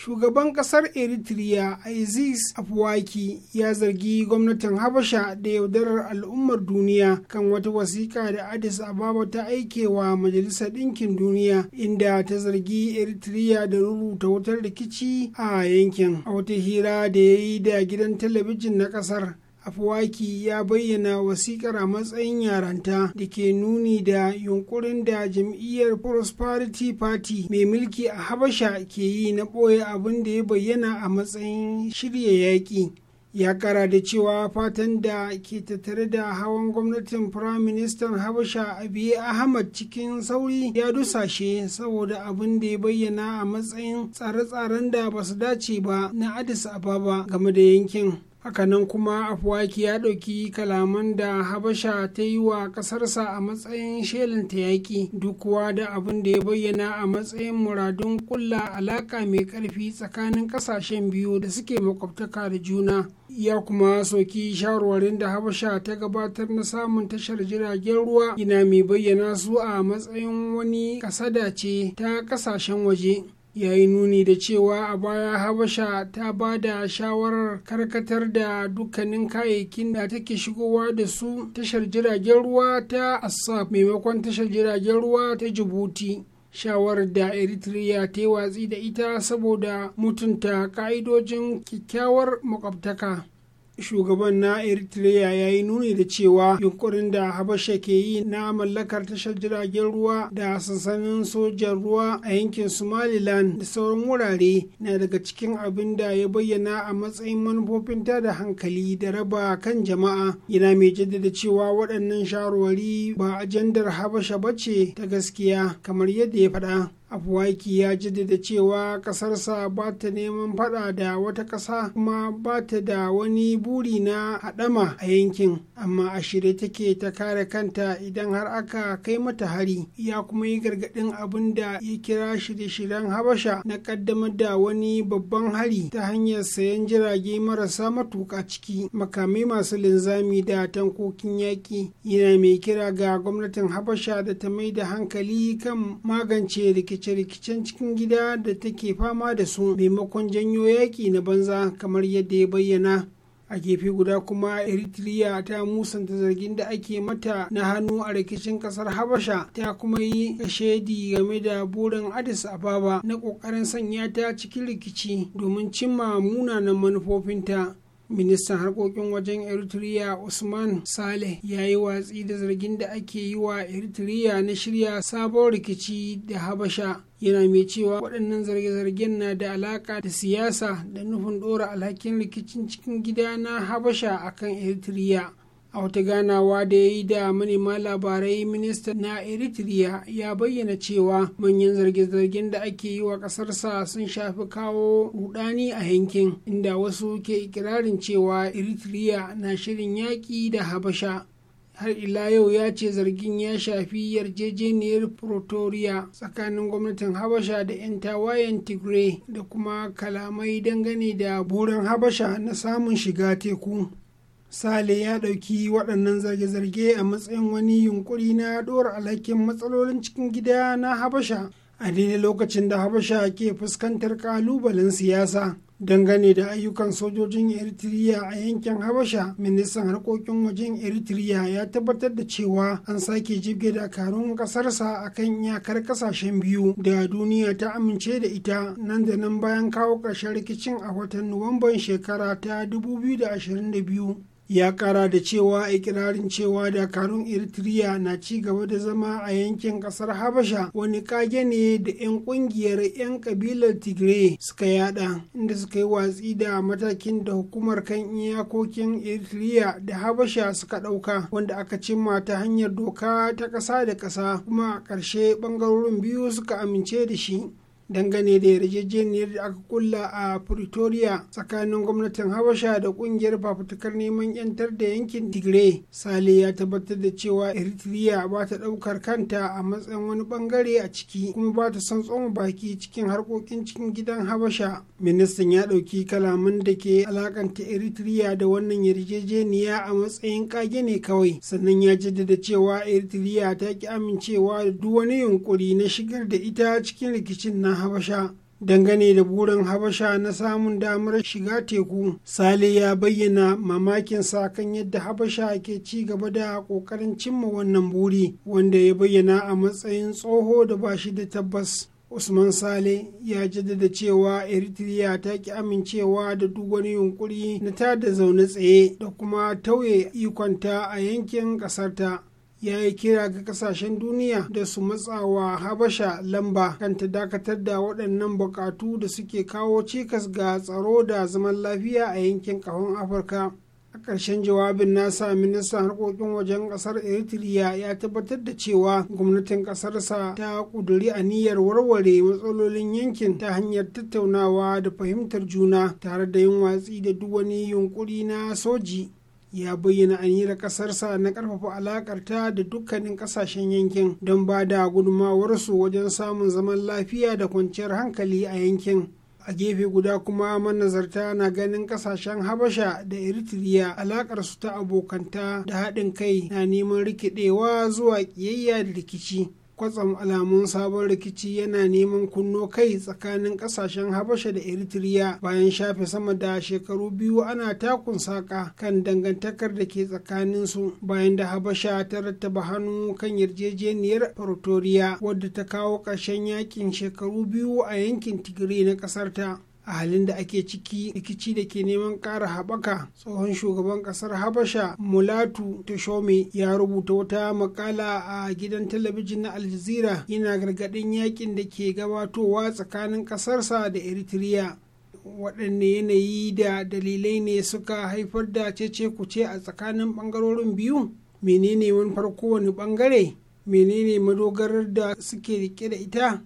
shugaban kasar eritrea aziz afwaki ya zargi gwamnatin habasha da yaudarar al'ummar duniya kan wata wasiƙa da addis ababa ta aike wa majalisar ɗinkin duniya inda ta zargi eritrea da rubuta wutar rikici a yankin a wata hira da ya yi da gidan talabijin na kasar afwaki ya bayyana wasikar a matsayin yaranta da ke nuni da yunkurin da jam'iyyar prosperity party mai mulki a habasha ke yi na ɓoye abin da ya bayyana a matsayin shirya yaƙi ya kara da cewa fatan da ke tattare da hawan gwamnatin firaministan habasha abiy ahmad cikin sauri ya dusashe saboda abin da ya bayyana a matsayin tsare-tsaren da ba su dace ba na addis ababa game da yankin hakanan kuma afuwaki ya ɗauki kalaman da habasha ta yi wa ƙasarsa a matsayin shelin ta yaƙi duk da abin da ya bayyana a matsayin muradun ƙulla alaƙa mai ƙarfi tsakanin ƙasashen biyu da suke makwabtaka da juna ya kuma soki shawarwarin da habasha ta gabatar na samun tashar jiragen ruwa ina mai bayyana su a matsayin wani kasada ce ta ƙasashen waje ya yi nuni da cewa a baya habasha ta ba da shawarar karkatar da dukkanin kayayyakin da take shigowa da su tashar jiragen ruwa ta assaf maimakon tashar jiragen ruwa ta jibuti shawarar da eritrea ta yi watsi da ita saboda mutunta ka'idojin kyakkyawar makwabtaka shugaban na eritrea ya yi nuni da cewa yunkurin da habasha ke yi na mallakar tashar jiragen ruwa da sansanin sojan ruwa a yankin somaliland da sauran wurare na daga cikin abin da ya bayyana a matsayin manufofin da hankali da raba kan jama'a yana mai jaddada cewa waɗannan shawarwari ba ajandar habasha bace ta gaskiya kamar yadda ya faɗa Afuwaiki ya jaddada cewa ƙasarsa ba ta neman fada da wata ƙasa kuma ba ta da wani buri na haɗama a yankin amma a shirye take ta kare kanta idan har aka kai mata hari ya kuma yi gargaɗin abin da ya kira shirye-shiryen habasha na ƙaddamar da wani babban hari ta hanyar sayan jirage marasa matuƙa ciki makamai masu linzami da tankokin yaƙi yana mai kira ga gwamnatin habasha da ta mai da hankali kan magance rikici rikice-rikicen cikin gida da take fama da su maimakon janyo yaƙi na banza kamar yadda ya bayyana a gefe guda kuma eritrea ta musanta zargin da ake mata na hannu a rikicin kasar habasha ta kuma yi shaidi game da burin addis ababa na kokarin sanya ta cikin rikici domin cimma munanan manufofinta ministan harkokin wajen eritrea usman saleh ya yi watsi da zargin da ake yi wa eritrea na shirya sabon rikici da habasha yana mai cewa waɗannan zarge-zargen na da alaƙa da siyasa da nufin ɗora alhakin rikicin cikin gida na habasha akan eritrea a wata ganawa da ya yi da manema labarai minista na eritrea ya bayyana cewa manyan zarge-zargen da ake yi wa ƙasarsa sun shafi kawo rudani a yankin inda wasu ke ikirarin cewa eritrea na shirin yaƙi da habasha har ila yau ya ce zargin ya shafi yarjejeniyar pretoria tsakanin gwamnatin habasha da 'yan tawayen tigray da kuma kalamai dangane da burin habasha na samun shiga teku sale ya ɗauki waɗannan zarge-zarge a matsayin wani yunkuri na ɗora alhakin matsalolin cikin gida na habasha a daidai lokacin da habasha ke fuskantar kalubalen siyasa dangane da ayyukan sojojin eritrea a yankin habasha ministan harkokin wajen eritrea ya tabbatar da cewa an sake jibge dakarun ƙasarsa a kan iyakar kasashen biyu da duniya ta amince da ita nan da nan bayan kawo ƙarshen rikicin a watan nuwamban shekara ta 2022 ya kara da cewa ikirarin cewa dakarun eritrea na ci gaba da zama a yankin kasar habasha wani kage ne da 'yan kungiyar 'yan kabilar tigray suka yada inda suka yi watsi da matakin da hukumar kan iyakokin eritrea da habasha suka dauka wanda aka cimma ta hanyar doka ta kasa da kasa kuma a ƙarshe bangarorin biyu suka amince da shi dangane da yarjejeniyar da aka kulla a pretoria tsakanin gwamnatin habasha da kungiyar fafutukar neman yantar da yankin tigray sale ya tabbatar da cewa eritrea ba ta daukar kanta a matsayin wani bangare a ciki kuma ba ta son tsoma baki cikin harkokin cikin gidan habasha ministan ya dauki kalaman da ke alakanta eritrea da wannan yarjejeniya a matsayin kage ne kawai sannan ya jaddada cewa eritrea ta ki amincewa da duk wani yunkuri na shigar da ita cikin rikicin na habasha dangane da burin habasha na samun damar shiga teku sale ya bayyana mamakinsa kan yadda habasha ke ci gaba da ƙoƙarin cimma wannan buri wanda ya bayyana a matsayin tsoho da ba shi da tabbas usman sale ya jaddada cewa eritrea ta ki amincewa da duk wani yunkuri na ta da zaune tsaye da kuma tauye ikonta a yankin ƙasarta ya yi kira ga kasashen duniya da su matsawa habasha lamba kan ta dakatar da waɗannan buƙatu da suke kawo cikas ga tsaro da zaman lafiya a yankin ƙahon afirka a ƙarshen jawabin nasa ministan harkokin wajen ƙasar eritrea ya tabbatar da cewa gwamnatin ƙasarsa ta ƙuduri aniyar warware matsalolin yankin ta hanyar tattaunawa da fahimtar juna tare da yin watsi da duk wani yunƙuri na soji ya bayyana an aniyar ƙasarsa na ƙarfafa alaƙarta da dukkanin ƙasashen yankin don ba da gudunmawarsu wajen samun zaman lafiya da kwanciyar hankali a yankin a gefe guda kuma manazarta na ganin kasashen habasha da eritrea alakarsu ta abokanta da haɗin kai na neman rikidewa zuwa ƙiyayya da rikici kwatsam alamun sabon rikici yana neman kunno kai tsakanin kasashen habasha da eritrea bayan shafe sama da shekaru biyu ana takun saka kan dangantakar da ke tsakanin su bayan da habasha ta rattaba hannu kan yarjejeniyar pretoria wadda ta kawo ƙarshen yakin shekaru biyu a yankin tigiri na ƙasarta a halin da ake ciki rikici da ke neman ƙara haɓaka tsohon shugaban ƙasar habasha mulatu tashome ya rubuta wata makala a gidan talabijin na aljazira yana gargaɗin yakin da ke gabatowa tsakanin ƙasarsa da eritrea waɗanne yanayi da dalilai ne suka haifar da cece kuce a tsakanin ɓangarorin biyu menene wani farko wani ɓangare menene madogarar da suke rike da ita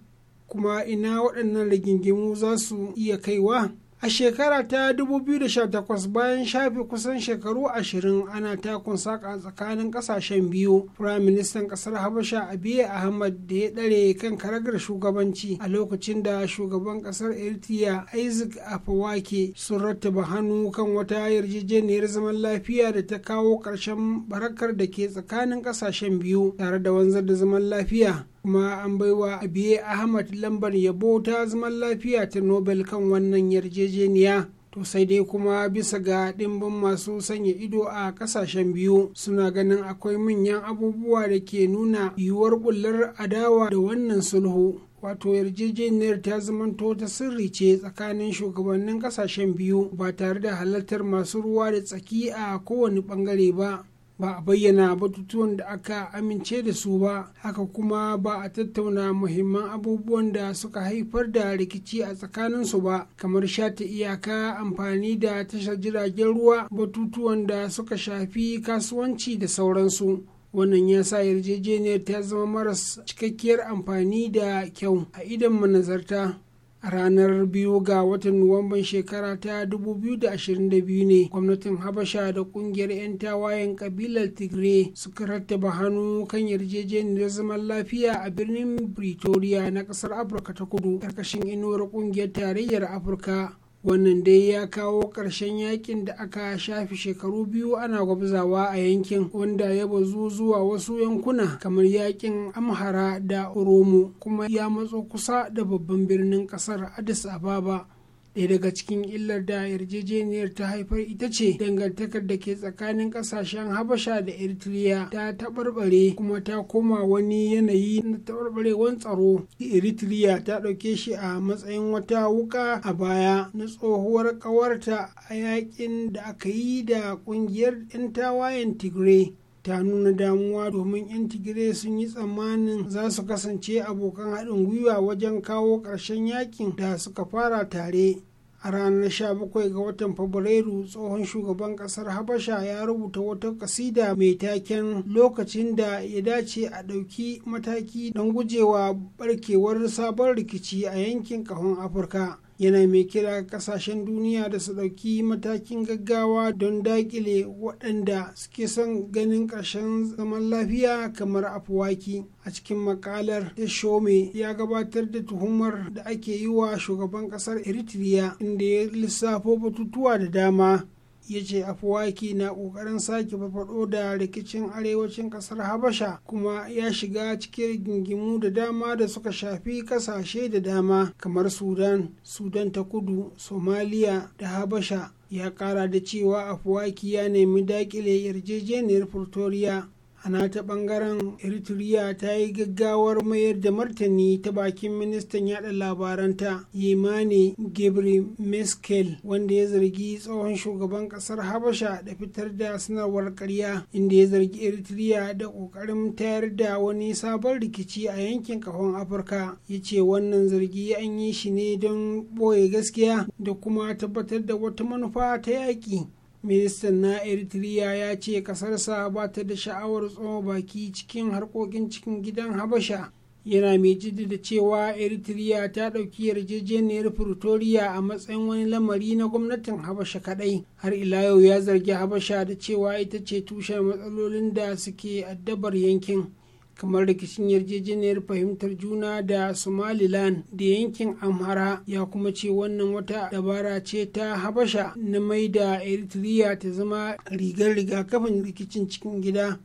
kuma ina waɗannan rigingimu za su iya kaiwa a shekara ta 2018 bayan shafe kusan shekaru 20 ana takun saƙa tsakanin ƙasashen biyu Firayim ministan ƙasar habasha abiy ahmad da ya ɗare kan karagar shugabanci a lokacin da shugaban ƙasar eritrea isaac afawake sun rattaba hannu kan wata yarjejeniyar zaman lafiya da ta kawo ƙarshen barakar da ke tsakanin ƙasashen biyu tare da wanzar da zaman lafiya kuma an baiwa abiye ahmad lambar yabo ta zaman lafiya ta nobel kan wannan yarjejeniya to sai dai kuma bisa ga ɗimbin masu sanya ido a ƙasashen biyu suna ganin akwai manyan abubuwa da ke nuna yiwuwar bullar adawa da wannan sulhu wato yarjejeniyar ta zamanto ta sirri ce tsakanin shugabannin ƙasashen biyu ba tare da halartar masu ruwa da tsaki a kowane ɓangare ba ba a bayyana batutuwan da aka amince da su ba haka kuma ba a tattauna muhimman abubuwan da suka haifar da rikici a tsakaninsu ba kamar shata iyaka amfani da tashar jiragen ruwa batutuwan da suka shafi kasuwanci da sauransu wannan ya sa yarjejeniyar ta zama maras cikakkiyar amfani da kyau a idan manazarta a ranar biyu ga watan nuwamban shekara ta 2022 ne gwamnatin habasha da kungiyar 'yan tawayen kabilar tigray suka rattaba hannu kan yarjejeniyar zaman lafiya a birnin pretoria na kasar afirka ta kudu karkashin inuwar kungiyar tarayyar afirka wannan dai ya kawo ƙarshen yakin da aka shafi shekaru biyu ana gwabzawa a yankin wanda ya bazu zuwa wasu yankuna kamar yakin amhara da oromo kuma ya matso kusa da babban birnin ƙasar addis ababa ɗaya daga cikin illar da yarjejeniyar ta haifar ita ce dangantakar da ke tsakanin ƙasashen habasha da eritrea ta taɓarɓare kuma ta koma wani yanayi na taɓarɓarewan tsaro eritrea ta ɗauke shi a matsayin wata wuka a baya na tsohuwar ƙawarta a yakin da aka yi da ƙungiyar 'yan tawayen tigray ta nuna damuwa domin yan sun yi tsammanin za su kasance abokan haɗin gwiwa wajen kawo ƙarshen yakin da suka fara tare a ranar 17 ga watan fabrairu tsohon shugaban ƙasar habasha ya rubuta wata kasida mai taken lokacin da ya dace a ɗauki mataki don gujewa barkewar sabon rikici a yankin ƙahon afirka yana mai kira kasashen duniya da su ɗauki matakin gaggawa don daƙile waɗanda suke son ganin ƙarshen zaman lafiya kamar afuwaki a cikin makalar ta shome ya gabatar da tuhumar da ake yi wa shugaban ƙasar eritrea inda ya lissafo batutuwa da dama ya ce afuwaki na kokarin sake farfado da rikicin arewacin kasar habasha kuma ya shiga cikin rigingimu da dama da suka shafi kasashe da dama kamar sudan sudan ta kudu somaliya da habasha ya kara da cewa afuwaki ya nemi dakile yarjejeniyar pretoria a nata bangaren eritrea ta yi gaggawar mayar da martani ta bakin ministan yada labaranta yemane gebre meskel wanda ya zargi tsohon shugaban kasar habasha da fitar da sanarwar karya inda ya zargi eritrea da kokarin tayar da wani sabon rikici a yankin kafin afirka ya ce wannan zargi an yi shi ne don boye gaskiya da kuma tabbatar da wata manufa ta yaƙi ministan na eritrea ya ce kasarsa ba ta da sha'awar tsoma baki cikin harkokin cikin gidan habasha yana mai da cewa eritrea ta ɗauki yarjejeniyar pretoria a matsayin wani lamari na gwamnatin habasha kaɗai har ila yau ya zargi habasha da cewa ita ce tushen matsalolin da suke addabar yankin kamar rikicin yarjejeniyar fahimtar juna da somaliland da yankin amhara ya kuma ce wannan wata dabara ce ta habasha na mai da eritrea ta zama rigar rigakafin rikicin cikin gida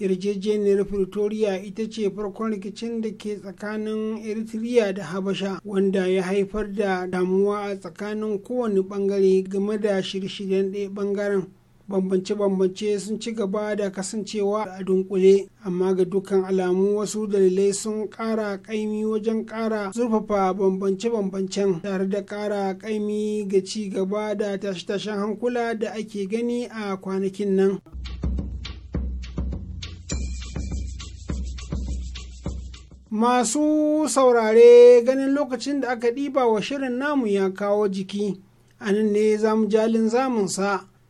yarjejeniyar pretoria ita ce farkon rikicin da ke tsakanin eritrea da habasha wanda ya haifar da damuwa a tsakanin kowane bangare game da shirye-shiryen ɗaya bangaren bambance-bambance sun ci gaba da kasancewa a dunkule amma ga dukkan alamu wasu dalilai sun ƙara ƙaimi wajen ƙara zurfafa bambance-bambancen tare da ƙara ƙaimi ga ci gaba da tashe-tashen hankula da ake gani a kwanakin nan. Masu saurare ganin lokacin da aka ɗiba wa shirin namu ya kawo jiki, a nan ne zamu jalin zamunsa.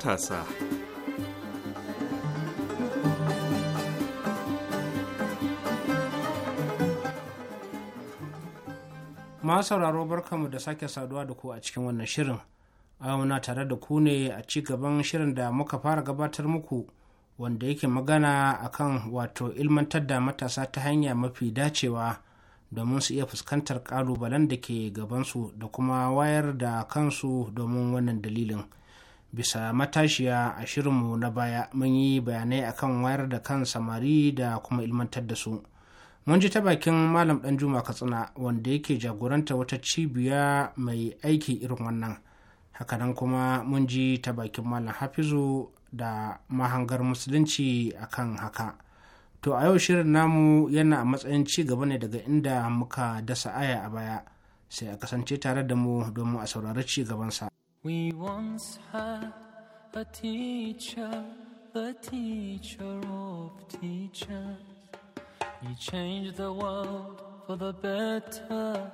matasa.
Ma sauraro barkamu da sake saduwa da ku a cikin wannan shirin. auna tare da ku ne a ci gaban shirin da muka fara gabatar muku wanda yake magana a kan wato ilmantar da matasa ta hanya mafi dacewa domin su iya fuskantar kalubalen da ke gabansu da kuma wayar da kansu domin wannan dalilin. bisa matashiya a shirinmu na baya mun yi bayanai akan wayar da kan samari da kuma ilmantar da su mun ji ta bakin malam dan juma katsina wanda yake jagoranta wata cibiya mai aiki irin wannan hakanan kuma mun ji ta bakin malam hafizu da mahangar musulunci akan haka to a yau shirin namu yana a matsayin ci gaba ne daga inda muka dasa aya a baya sai a kasance tare da mu domin a saurari ci gabansa
We once had a teacher, the teacher of teachers. He changed the world for the better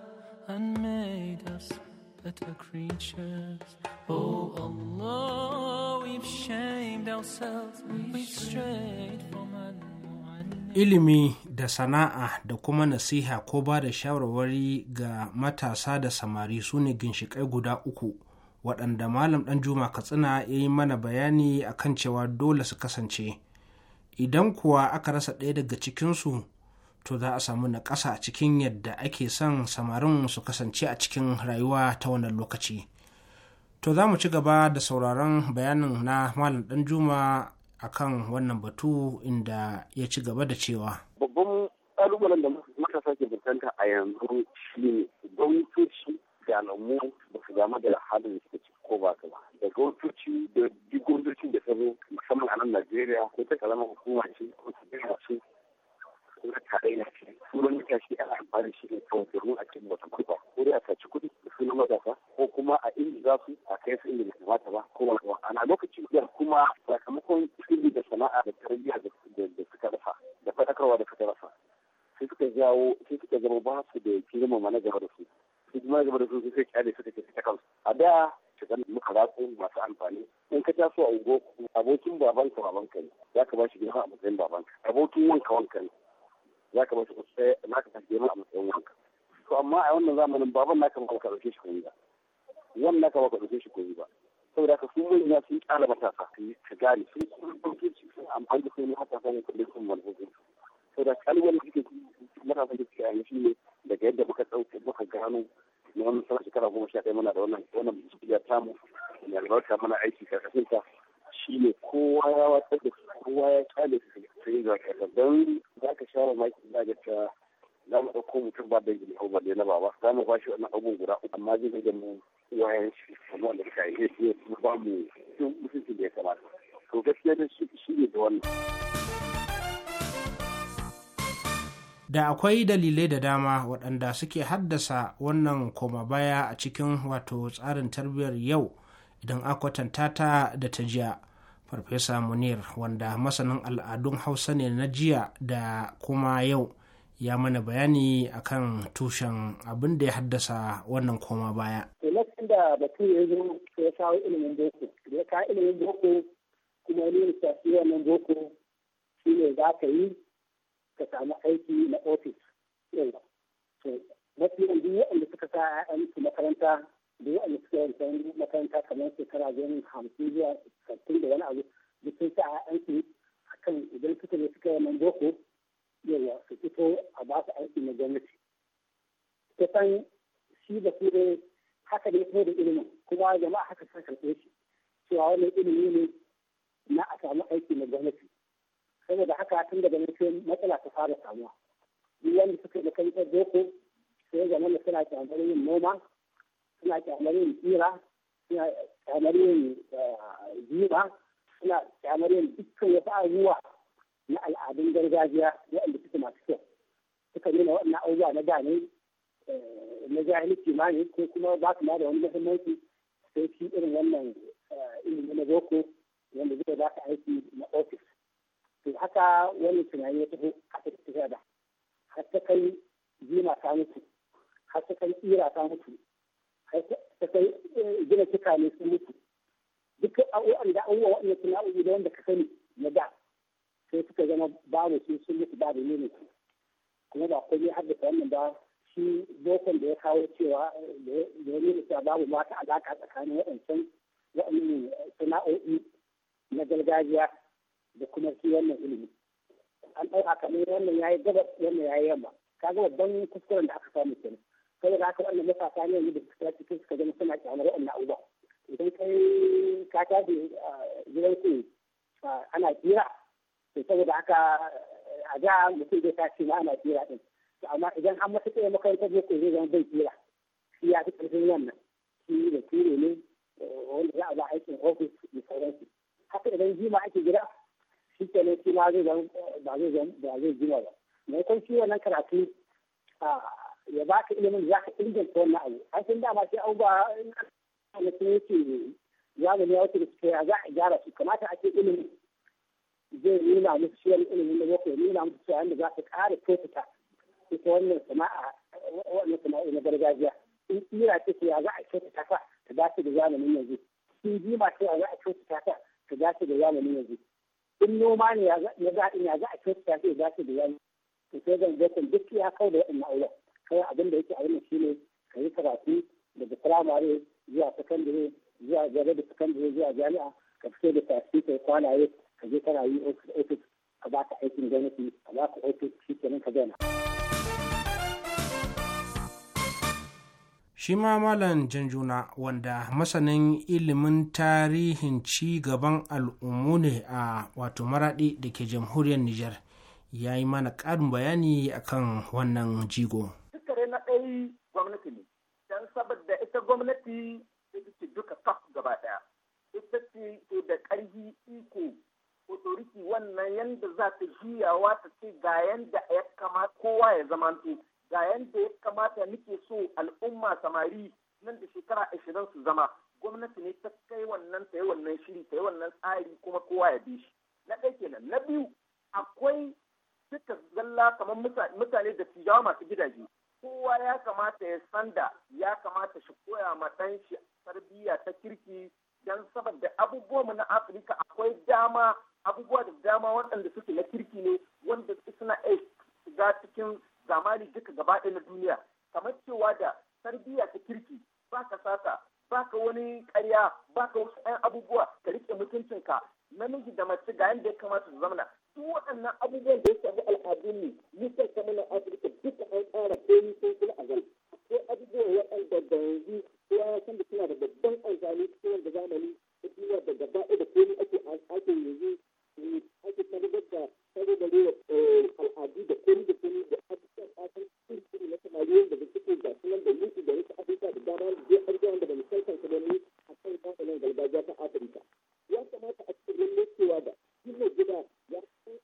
and made us better creatures. Oh Allah, we've shamed ourselves, we've
strayed from Ilimi da sana'a da kuma nasiha ko ba da shawarwari ga matasa da samari su ne ginshiƙai guda uku waɗanda malam ɗan juma katsina ya yi mana bayani a kan cewa dole su kasance idan kuwa aka rasa ɗaya daga cikinsu to za a samu na ƙasa a cikin yadda ake son samarin su kasance a cikin rayuwa ta wannan lokaci to za mu ci gaba da sauraron bayanin na malam ɗan juma a kan wannan batu inda ya ci gaba da cewa
babban ƙalubalen da matasa ke a yanzu shi ne gwamnatoci da alamu zama da halin da suke ciki ko ba ka ba da gwamnatoci da duk gwamnatocin da ta zo musamman a nan najeriya ko ta kalama hukuma ce ko ta gina ce ko ta tarayya ce sunan shi ana amfani shi ne kawai domin a cikin wata kurba ko da ta ci kuɗi da sunan matasa ko kuma a inda za su a kai su inda bai kamata ba ko ba ba ana lokacin da kuma sakamakon ilimi da sana'a da tarbiyya da suka rasa da faɗakarwa da suka rasa sai suka jawo sai suka zama ba su da girmama na gaba da su su kuma da su sai kyale su take ta kansu a da shigar muka ratsu masu amfani in ka taso a ungo abokin babanka babanka ne za ka ba shi girma a matsayin babanka abokin wanka wanka ne za ka ba shi kusa na ka girma a matsayin wanka to amma a wannan zamanin baban naka ba ka dauke shi koyi ba wannan naka ba ka dauke shi koyi ba saboda haka sun manya sun kyala matasa ka gane sun kuma shi sun amfani da sun haka sanin kullum sun manufofinsu saboda kalwar da suke da suke a yanzu ne daga yadda muka ɗauke muka gano na wani sana shekara goma sha ɗaya muna da wannan wannan biskiliya tamu mai albarka mana aiki karkashin ta shi ne kowa ya watsar da kowa ya kyale su yi zakata don za ka sha mamaki za ka ta za mu ɗauko mutum ba da yi ko ba na baba za mu bashi wannan abun guda uku amma zai ga mu wayan shi kamar wanda ka yi zai ba mu mutunci da ya kamata to gaskiya da shi ne da wannan.
da akwai dalilai da dama waɗanda suke haddasa wannan koma baya a cikin wato tsarin tarbiyyar yau idan akwatanta ta da ta jiya farfesa munir wanda masanin al'adun hausa ne na jiya da kuma yau ya mana bayani akan tushen abin da ya haddasa wannan koma baya.
lokacin da batun ya zo ya kawo ilimin boko ya kawo ilimin boko kuma ne ya shafi wannan boko shi ne za ka yi ka samu aiki na ofis yawa to mafi yanzu waɗanda suka sa ƴaƴansu makaranta da waɗanda suka yanzu makaranta kamar shekara biyan hamsin zuwa sattin da wani abu da sun sa ƴaƴansu akan idan suka ne suka yi nan boko yawa su fito a ba su aiki na gwamnati ta san shi da su dai haka da ya fito da ilimin kuma jama'a haka sun karɓe shi cewa wannan ilimi ne na a samu aiki na gwamnati saboda haka tun daga nan sai matsala ta fara samuwa duk wanda suka da kai tsar boko sai ya zama suna kyamar yin noma suna kyamar yin tsira suna kyamar yin eh, jiba suna kyamar yin dukkan wasu abubuwa na al'adun gargajiya waɗanda suka masu kyau suka nuna waɗannan abubuwa na gane eh, na jahilci ma ne ko kuma ba su ma da wani muhimmanci sai shi irin wannan eh, ilimi na boko wanda zai ba ka aiki na ofis to haka wani tunani ya taho a tafiya da har ta kai jima ta mutu har ta kai tsira ta mutu har ta kai eh, gina cika ne sun mutu duk abubuwan da abubuwan waɗanda sana'o'i da wanda ka sani na da sai suka zama babu su sun mutu babu ne ne kuma ba komai haddasa wannan ba shi bokon da ya kawo cewa da ya nuna cewa babu mata alaƙa tsakanin waɗancan waɗannan eh, sana'o'i na gargajiya da kuma shi wannan ilimi an ɗauka kamar wannan ya yi gabas wannan ya yi yamma ka ga babban kuskuren da aka samu kenan saboda haka wannan matasa ne yanzu da suka cikin suka zama suna kyamar wannan abubuwa idan kai ka tashi gidan ku ana kira to saboda haka a da mutum zai tashi ma ana kira din amma idan an mata tsaye makarantar ne ko zai zama bai kira shi ya fi ƙarfin wannan shi da kire ne wanda za a ba aikin ofis da sauransu haka idan jima ake gida shi ne shi na zai zan ba zai zan ba zai gina ba mai kai shi wannan karatu ya ba ka ilimin za ka inganta wannan abu an san dama sai an ba na sun yake zamani ya wuce da suke za a gyara su kamata ake ilimin zai nuna musu shi wani ilimin da boko nuna musu shi yadda za su ƙara kyautata ita wannan sana'a wannan sana'a na gargajiya in tsira ce ya za a kyautata ta ta dace da zamanin yanzu in jima ce ya za a kyautata ta ta dace da zamanin yanzu in noma ne ya za a ya za a kyauta zai su da yanzu to sai zan ga duk ya kau da yan aure. kai abin da yake a wannan shine ka yi karatu daga firamare zuwa sakandare zuwa gare da sakandare zuwa jami'a ka fito da tafi kai kwanaye ka je kana yi ofis a baka aikin gwamnati a baka ofis shi kenan ka zauna.
shi ma malam janjuna wanda masanin ilimin tarihin ci gaban al'ummu ne a wato maraɗi da ke jamhuriyar nijar ya yi mana ƙarin bayani akan wannan jigo
dukkan na ɗai gwamnati ne don saboda ita gwamnati ita ce duka kaf gaba ɗaya ita ce da ƙarfi iko otoriki wannan yanda za ta juyawa ta ce ga yanda ya kama kowa ya zamanto ga yadda ya kamata nake so al'umma samari nan da shekara ashirin su zama gwamnati ne ta kai wannan ta yi wannan shiri ta yi wannan tsari kuma kowa ya bi shi na ɗaya kenan na biyu akwai duka zalla kamar mutane da jawo masu gidaje kowa ya kamata ya sanda ya kamata shi koya ma ɗan shi tarbiyya ta kirki don saboda abubuwanmu na afirka akwai dama abubuwa da dama waɗanda suke na kirki ne wanda suna shiga cikin zamani duka gaba ɗaya na duniya kamar cewa da tarbiyya ta kirki ba ka sata ba ka wani karya ba ka wasu 'yan abubuwa ka riƙe mutuncinka namiji da mace ga yadda ya kamata su zamana su waɗannan abubuwan da ya shafi al'adun ne nisan mana afirka duka an tsara komi sun kula a gari ko abubuwan waɗanda da yanzu
ya san da suna da babban amfani cikin wanda zamani ta duniya da gaba da komi ake yanzu ake tarbar da eh, al'adu da komi da komi da abubuwan na samari da da suke da mutu da wasu abubuwa da dama da zai an wanda ba mu san kansa ba a kan kasanin gargajiya ta afirka ya kamata a cikin lalle cewa da gida ya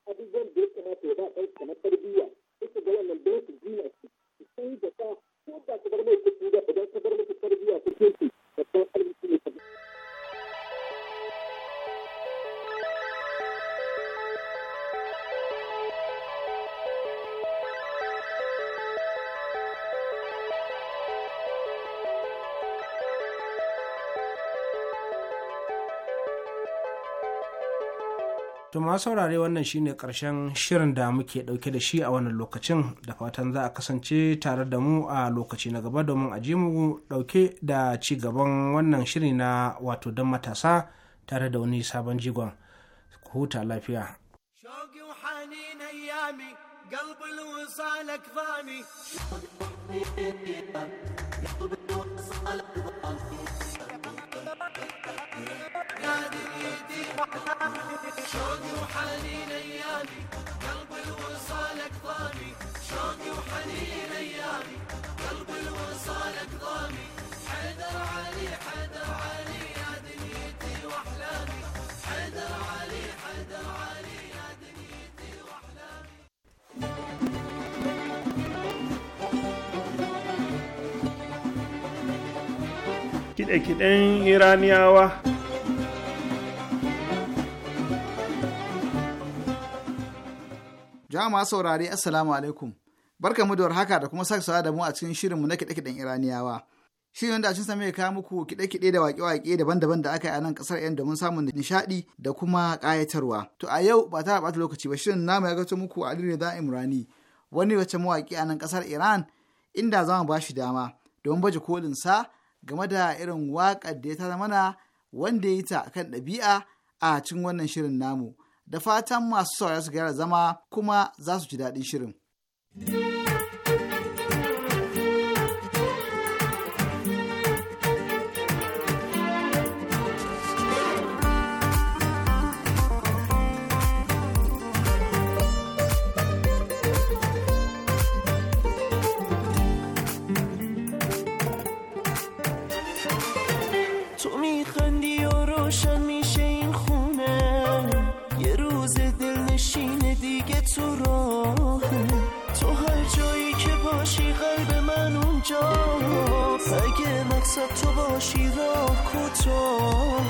abubuwan da ya kamata ya ba ɗan kamar tarbiya, ita ga wannan don su su su da ta ko da idan ka bar musu ta kirki da san
To ma saurare wannan shine karshen shirin da muke dauke da shi a wannan lokacin da fatan za a kasance tare da mu a lokaci na gaba domin a mu dauke da ci gaban wannan shiri na wato don matasa tare da wani sabon jigon huta lafiya.
شوقي وحنين ايامي قلبي لوصالك ضامي شوقي وحنين ايامي قلبي لوصالك ضامي حيدر علي حيدر علي يا دنيتي واحلامي حيدر علي حيدر علي يا دنيتي واحلامي
kiɗe-kiɗen
iraniyawa Jama'a saurare Assalamu alaikum. Barka mu da warhaka da kuma sake da mu a cikin shirinmu na kiɗe-kiɗen Iraniyawa. shi Shirin cikin cin same kawo muku kiɗe-kiɗe da waƙe-waƙe daban-daban da aka yi a nan ƙasar yan domin samun nishaɗi da kuma ƙayatarwa. To a yau ba ta ɓata lokaci ba shirin namu ya gato muku Ali Reza Imrani wani wacce mawaƙi a nan ƙasar Iran inda za mu ba shi dama don baje kolin sa game da irin waƙar da ya ta mana wanda ya yi ta kan ɗabi'a a cikin wannan shirin namu. da fatan masu sauraya su gyara zama kuma za su ji daɗin shirin.
واسه تو باشی راه کوتاه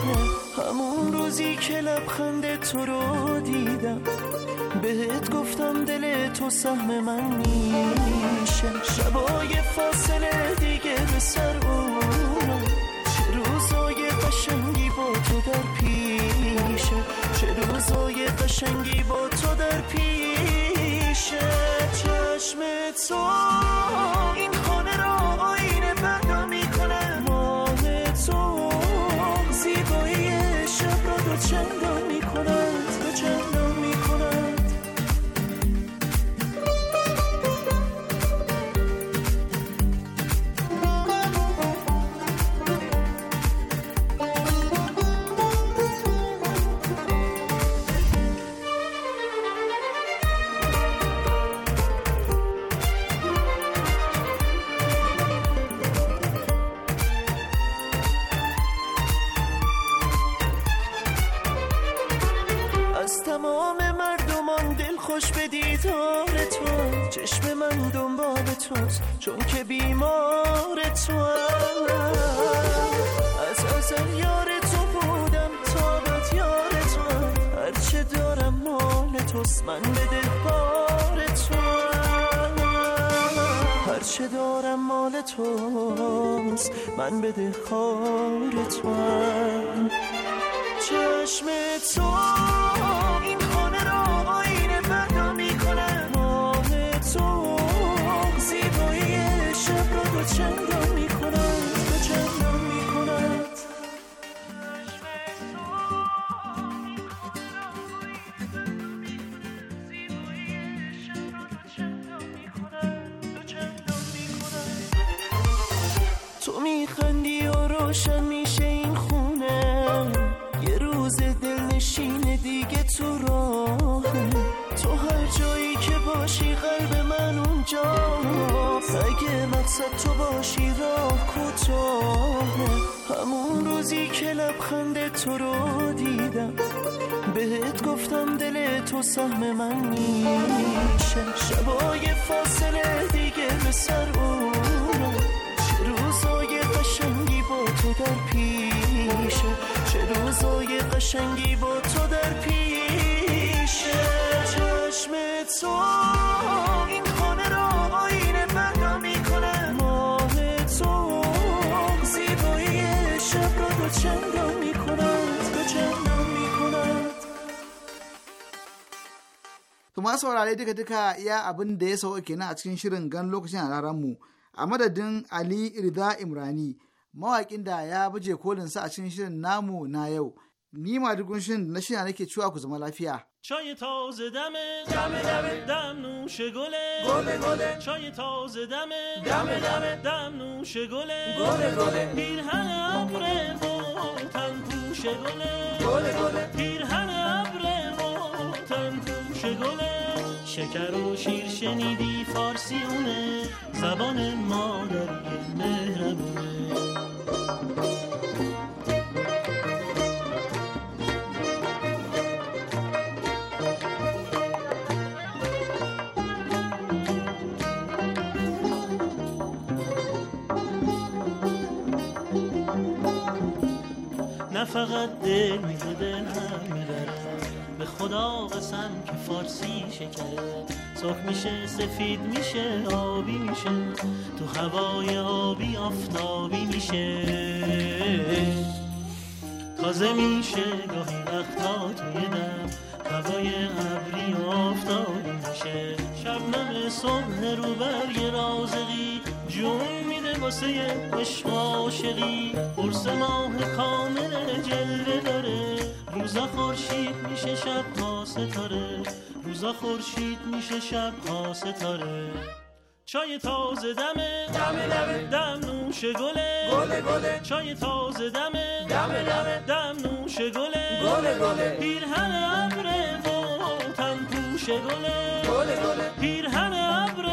همون روزی که لبخند تو رو دیدم بهت گفتم دل تو سهم من میشه شبای فاصله دیگه به سر اون چه روزای قشنگی با تو در پیشه چه روزای قشنگی با تو در پیشه چشم تو این من بده خار تو
saurare duka duka iya abin da ya sauka kenan a cikin shirin gan lokacin a mu a madadin Ali Irza Imrani mawaƙin da ya buje kolin sa a cikin shirin namu na yau ni ma dukun shirin na shirya nake cewa ku zama lafiya
چای تازه دمه دم دمه دم نوش گله گله گله چای تازه دمه دمه دم نوش گله گله گله پیرهن ابر تن پوش گله گله گله پیرهن ابر تن پوش شکر و شیر شنیدی اونه زبان مادری مهربونه نه فقط دل میده دل همه خدا قسم که فارسی شکره سرخ میشه سفید میشه آبی میشه تو هوای آبی آفتابی میشه تازه میشه گاهی وقتا توی دم هوای ابری آفتابی میشه شبنم صبح رو یه رازقی جون میده واسه عشق عاشقی پرس ماه کامل جلوه داره روزا خورشید میشه شب ها ستاره روزا خورشید میشه شب ها ستاره چای تازه دمه دم دمه دم نوش گله گله گله چای تازه دمه دم دمه دم نوش گله گله گله پیرهن ابر و تن پوش گله گله گله پیرهن ابر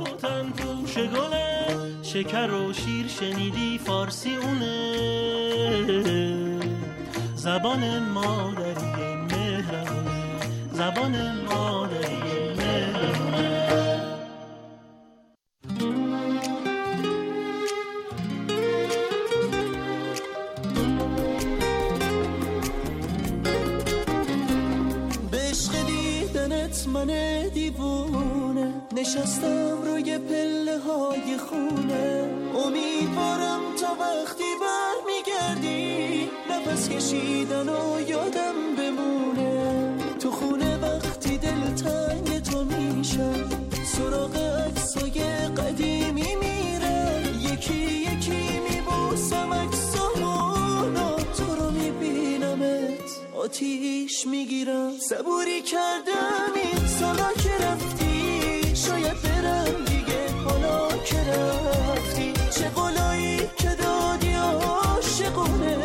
و تن پوش گله شکر و شیر شنیدی فارسی اونه زبان مادری مهربونه زبان مادری مهربونه
به عشق دیدنت من نشستم روی پله های خونه امیدوارم تا وقتی بر میگردی نفس کشیدن و یادم بمونه تو خونه وقتی دل تنگ تو میشم سراغ اکسای قدیمی میره یکی یکی میبوسم عکسامونو تو رو میبینمت آتیش میگیرم صبوری کردم این سالا که رفتی برم دیگه حالا که رفتی چه قولایی که دادی عاشقونه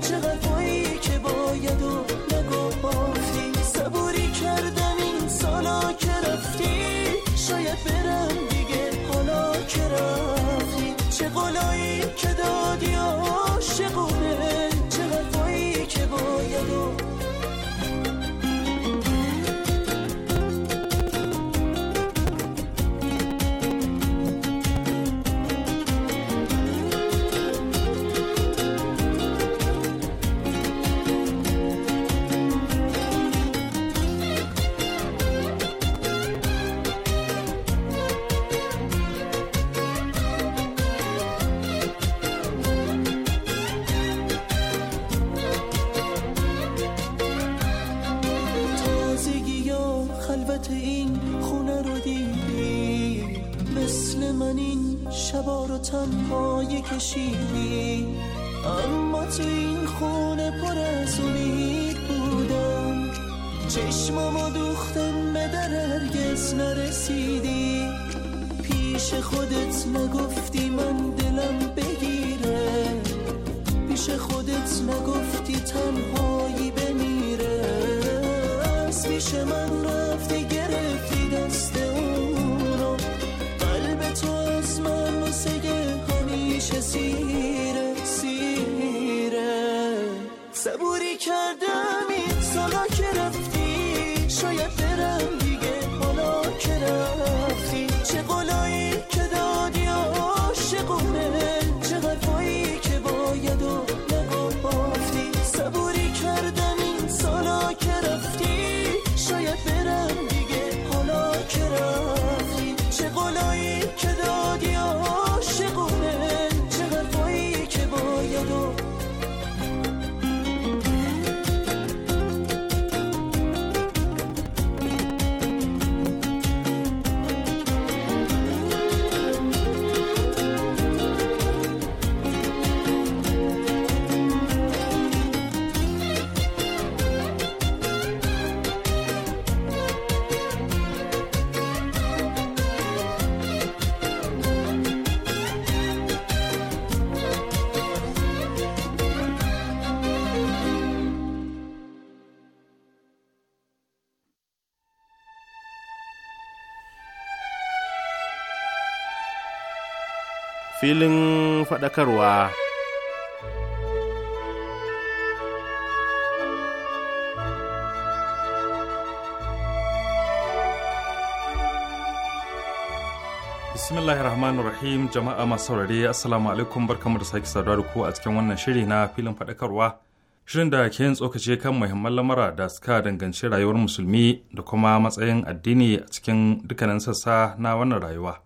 چه قفایی که باید و نگفتی صبوری کردم این سالا که رفتی شاید برم دیگه حالا که رفتی چه قلایی که دادی
filin faɗakarwa. rahim
jama'a masu saurare assalamu alaikum barkamu da sake saduwa da ku a cikin wannan shiri na filin faɗakarwa shirin da ke yin tsokace kan muhimman lamura da suka danganci rayuwar musulmi da kuma matsayin addini a cikin dukkanin sassa na wannan rayuwa.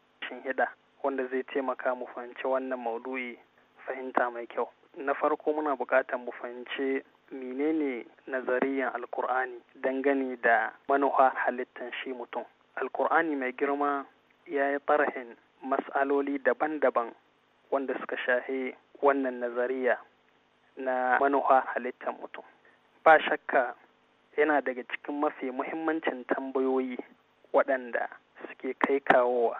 hida wanda zai taimaka mu fahimci wannan maudu'i fahimta mai kyau. Na farko muna buƙatar mu fahimci menene nazariyan alkur'ani dangane da manuha halittan shi mutum. Alkur'ani mai girma ya yi tarihin mas'aloli daban-daban wanda suka shahe wannan nazariya na manuha halittan mutum. Ba shakka yana daga cikin mafi muhimmancin tambayoyi waɗanda suke kai kawowa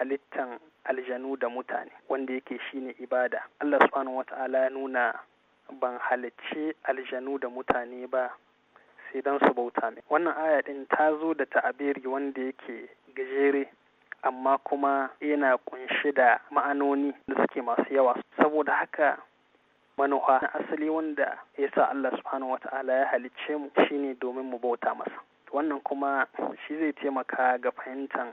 halittan aljanu da mutane wanda yake shine ibada Allah subhanahu wata'ala ya nuna ban halicci aljanu da mutane ba sai don su bauta min wannan aya din ta zo da ta'abiri wanda yake gajere amma kuma yana kunshi da ma'anoni da suke masu yawa saboda haka manufa na asali wanda ya sa Allah subhanahu wata'ala ya halicce mu shine domin mu bauta masa wannan kuma shi zai taimaka ga fahimtar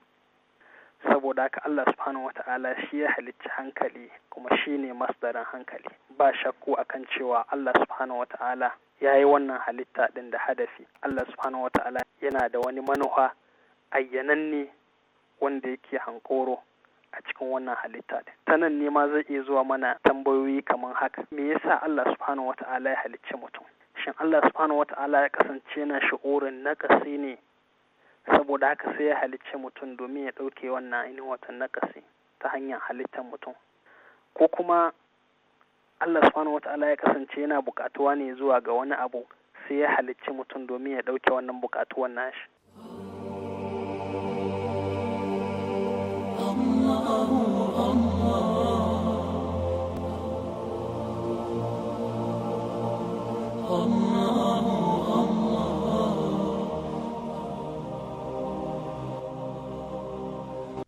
saboda haka Allah subhanahu wata'ala shi ya halicci hankali kuma shi ne masdarin hankali ba shakku kan cewa Allah subhanahu wata'ala ya yi wannan halitta ɗin da hadafi Allah subhanahu wata'ala yana da wani ayyanan ne wanda yake hankoro a cikin wannan halitta ɗin ta nan ne ma zai iya zuwa mana tambayoyi kamar haka me yasa Allah subhanahu wata'ala ya halicci mutum shin Allah subhanahu wata'ala ya kasance na shi'urin nakasi ne saboda haka sai ya halicci mutum domin ya ɗauke wannan ainihin watan nakasi ta hanyar halittar mutum ko kuma Allah subhanahu wata'ala ya kasance yana buƙatuwa ne zuwa ga wani abu sai ya halicci mutum domin ya ɗauke wannan buƙatuwan nashi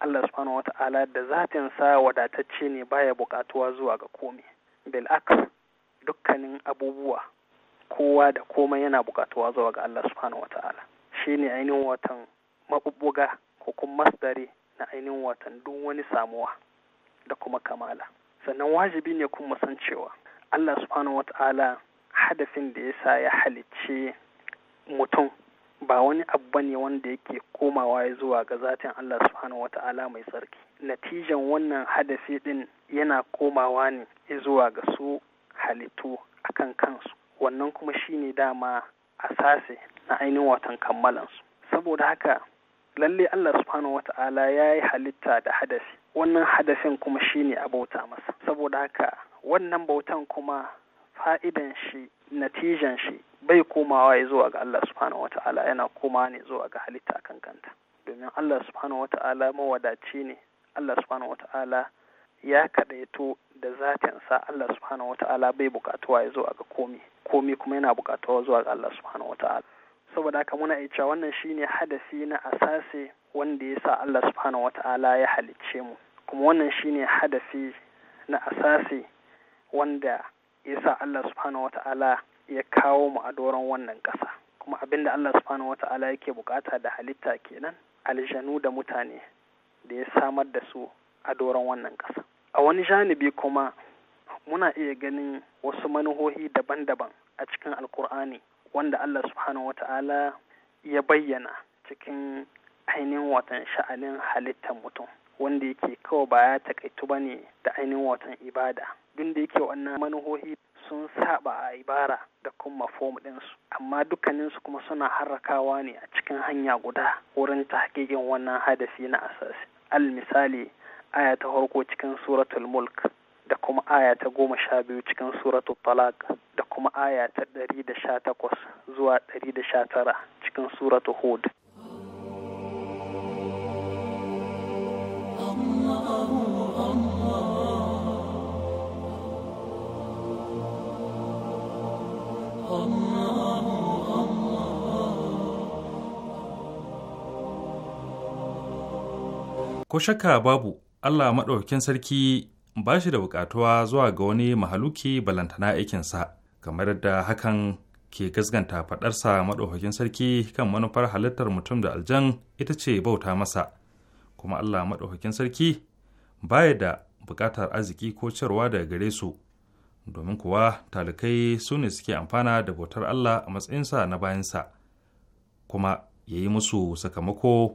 Allah subhanahu wa ta'ala da zatinsa wadatacce ne baya bukatuwa zuwa ga komai bil'aks dukkanin abubuwa kowa da komai yana bukatuwa zuwa ga Allah subhanahu wa ta'ala shi ne ainihin watan mabubuga ko kuma masdari na ainihin watan duk wani samuwa da kuma kamala sannan wajibi ne kuma san cewa Allah subhanahu wa ta'ala hadafin da ya sa ya halicci mutum ba wani abu bane wanda yake komawa ya zuwa ga zatin Allah subhanahu wata'ala mai tsarki natijan wannan hadasi din yana komawa ne ya zuwa ga su halittu akan kansu wannan kuma shine dama a sase na ainihin watan kammalansu saboda haka lalle Allah subhanahu wata'ala ya yi halitta da hadasi wannan hadasin kuma shine a bauta masa saboda haka wannan bautan kuma fa'idan shi natijan shi bai komawa ya zuwa ga Allah subhanahu wata'ala yana koma ne zuwa ga halitta kan kanta domin Allah subhanahu wata'ala mawadaci ne Allah subhanahu wata'ala ya kadaito da zatinsa Allah subhanahu wata'ala bai bukatuwa ya zuwa ga komi komi kuma yana bukatuwa zuwa ga Allah subhanahu wata'ala saboda haka muna iya wannan shine hadafi na asase wanda ya sa Allah subhanahu wata'ala ya halicce mu kuma wannan shine hadafi na asase wanda yasa Allah subhanahu ta'ala ya kawo mu a doron wannan ƙasa kuma abin da Allah subhanahu ta'ala yake bukata da halitta kenan aljanu da mutane da ya samar da su a doron wannan ƙasa a wani janibi kuma muna iya ganin wasu manuhohi daban-daban a cikin alkur'ani wanda Allah subhanahu ta'ala ya bayyana cikin ainihin watan sha'anin halittar mutum wanda yake kawai ba ya takaitu ba ne da ainihin watan ibada duk da yake wannan manuhohi sun saba a ibara da kuma fom ɗinsu amma dukkaninsu kuma suna harrakawa ne a cikin hanya guda wurin ta hakikin wannan hadasi na asasi al misali aya ta farko cikin suratul mulk da kuma aya ta goma sha biyu cikin suratul talaq da kuma aya ta ɗari da sha takwas zuwa ɗari da sha tara cikin suratul hud
ko shakka babu Allah maɗaukin sarki ba shi da buƙatuwa zuwa ga wani mahaluki balantana aikinsa kamar da hakan ke gasganta faɗarsa maɗaukin sarki kan manufar halittar mutum da aljan ita ce bauta masa kuma Allah maɗaukin sarki baya da buƙatar arziki ko cirwa daga gare su domin kuwa talikai su ne suke amfana da bautar Allah a matsayinsa na bayansa kuma ya yi musu sakamako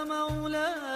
مولاي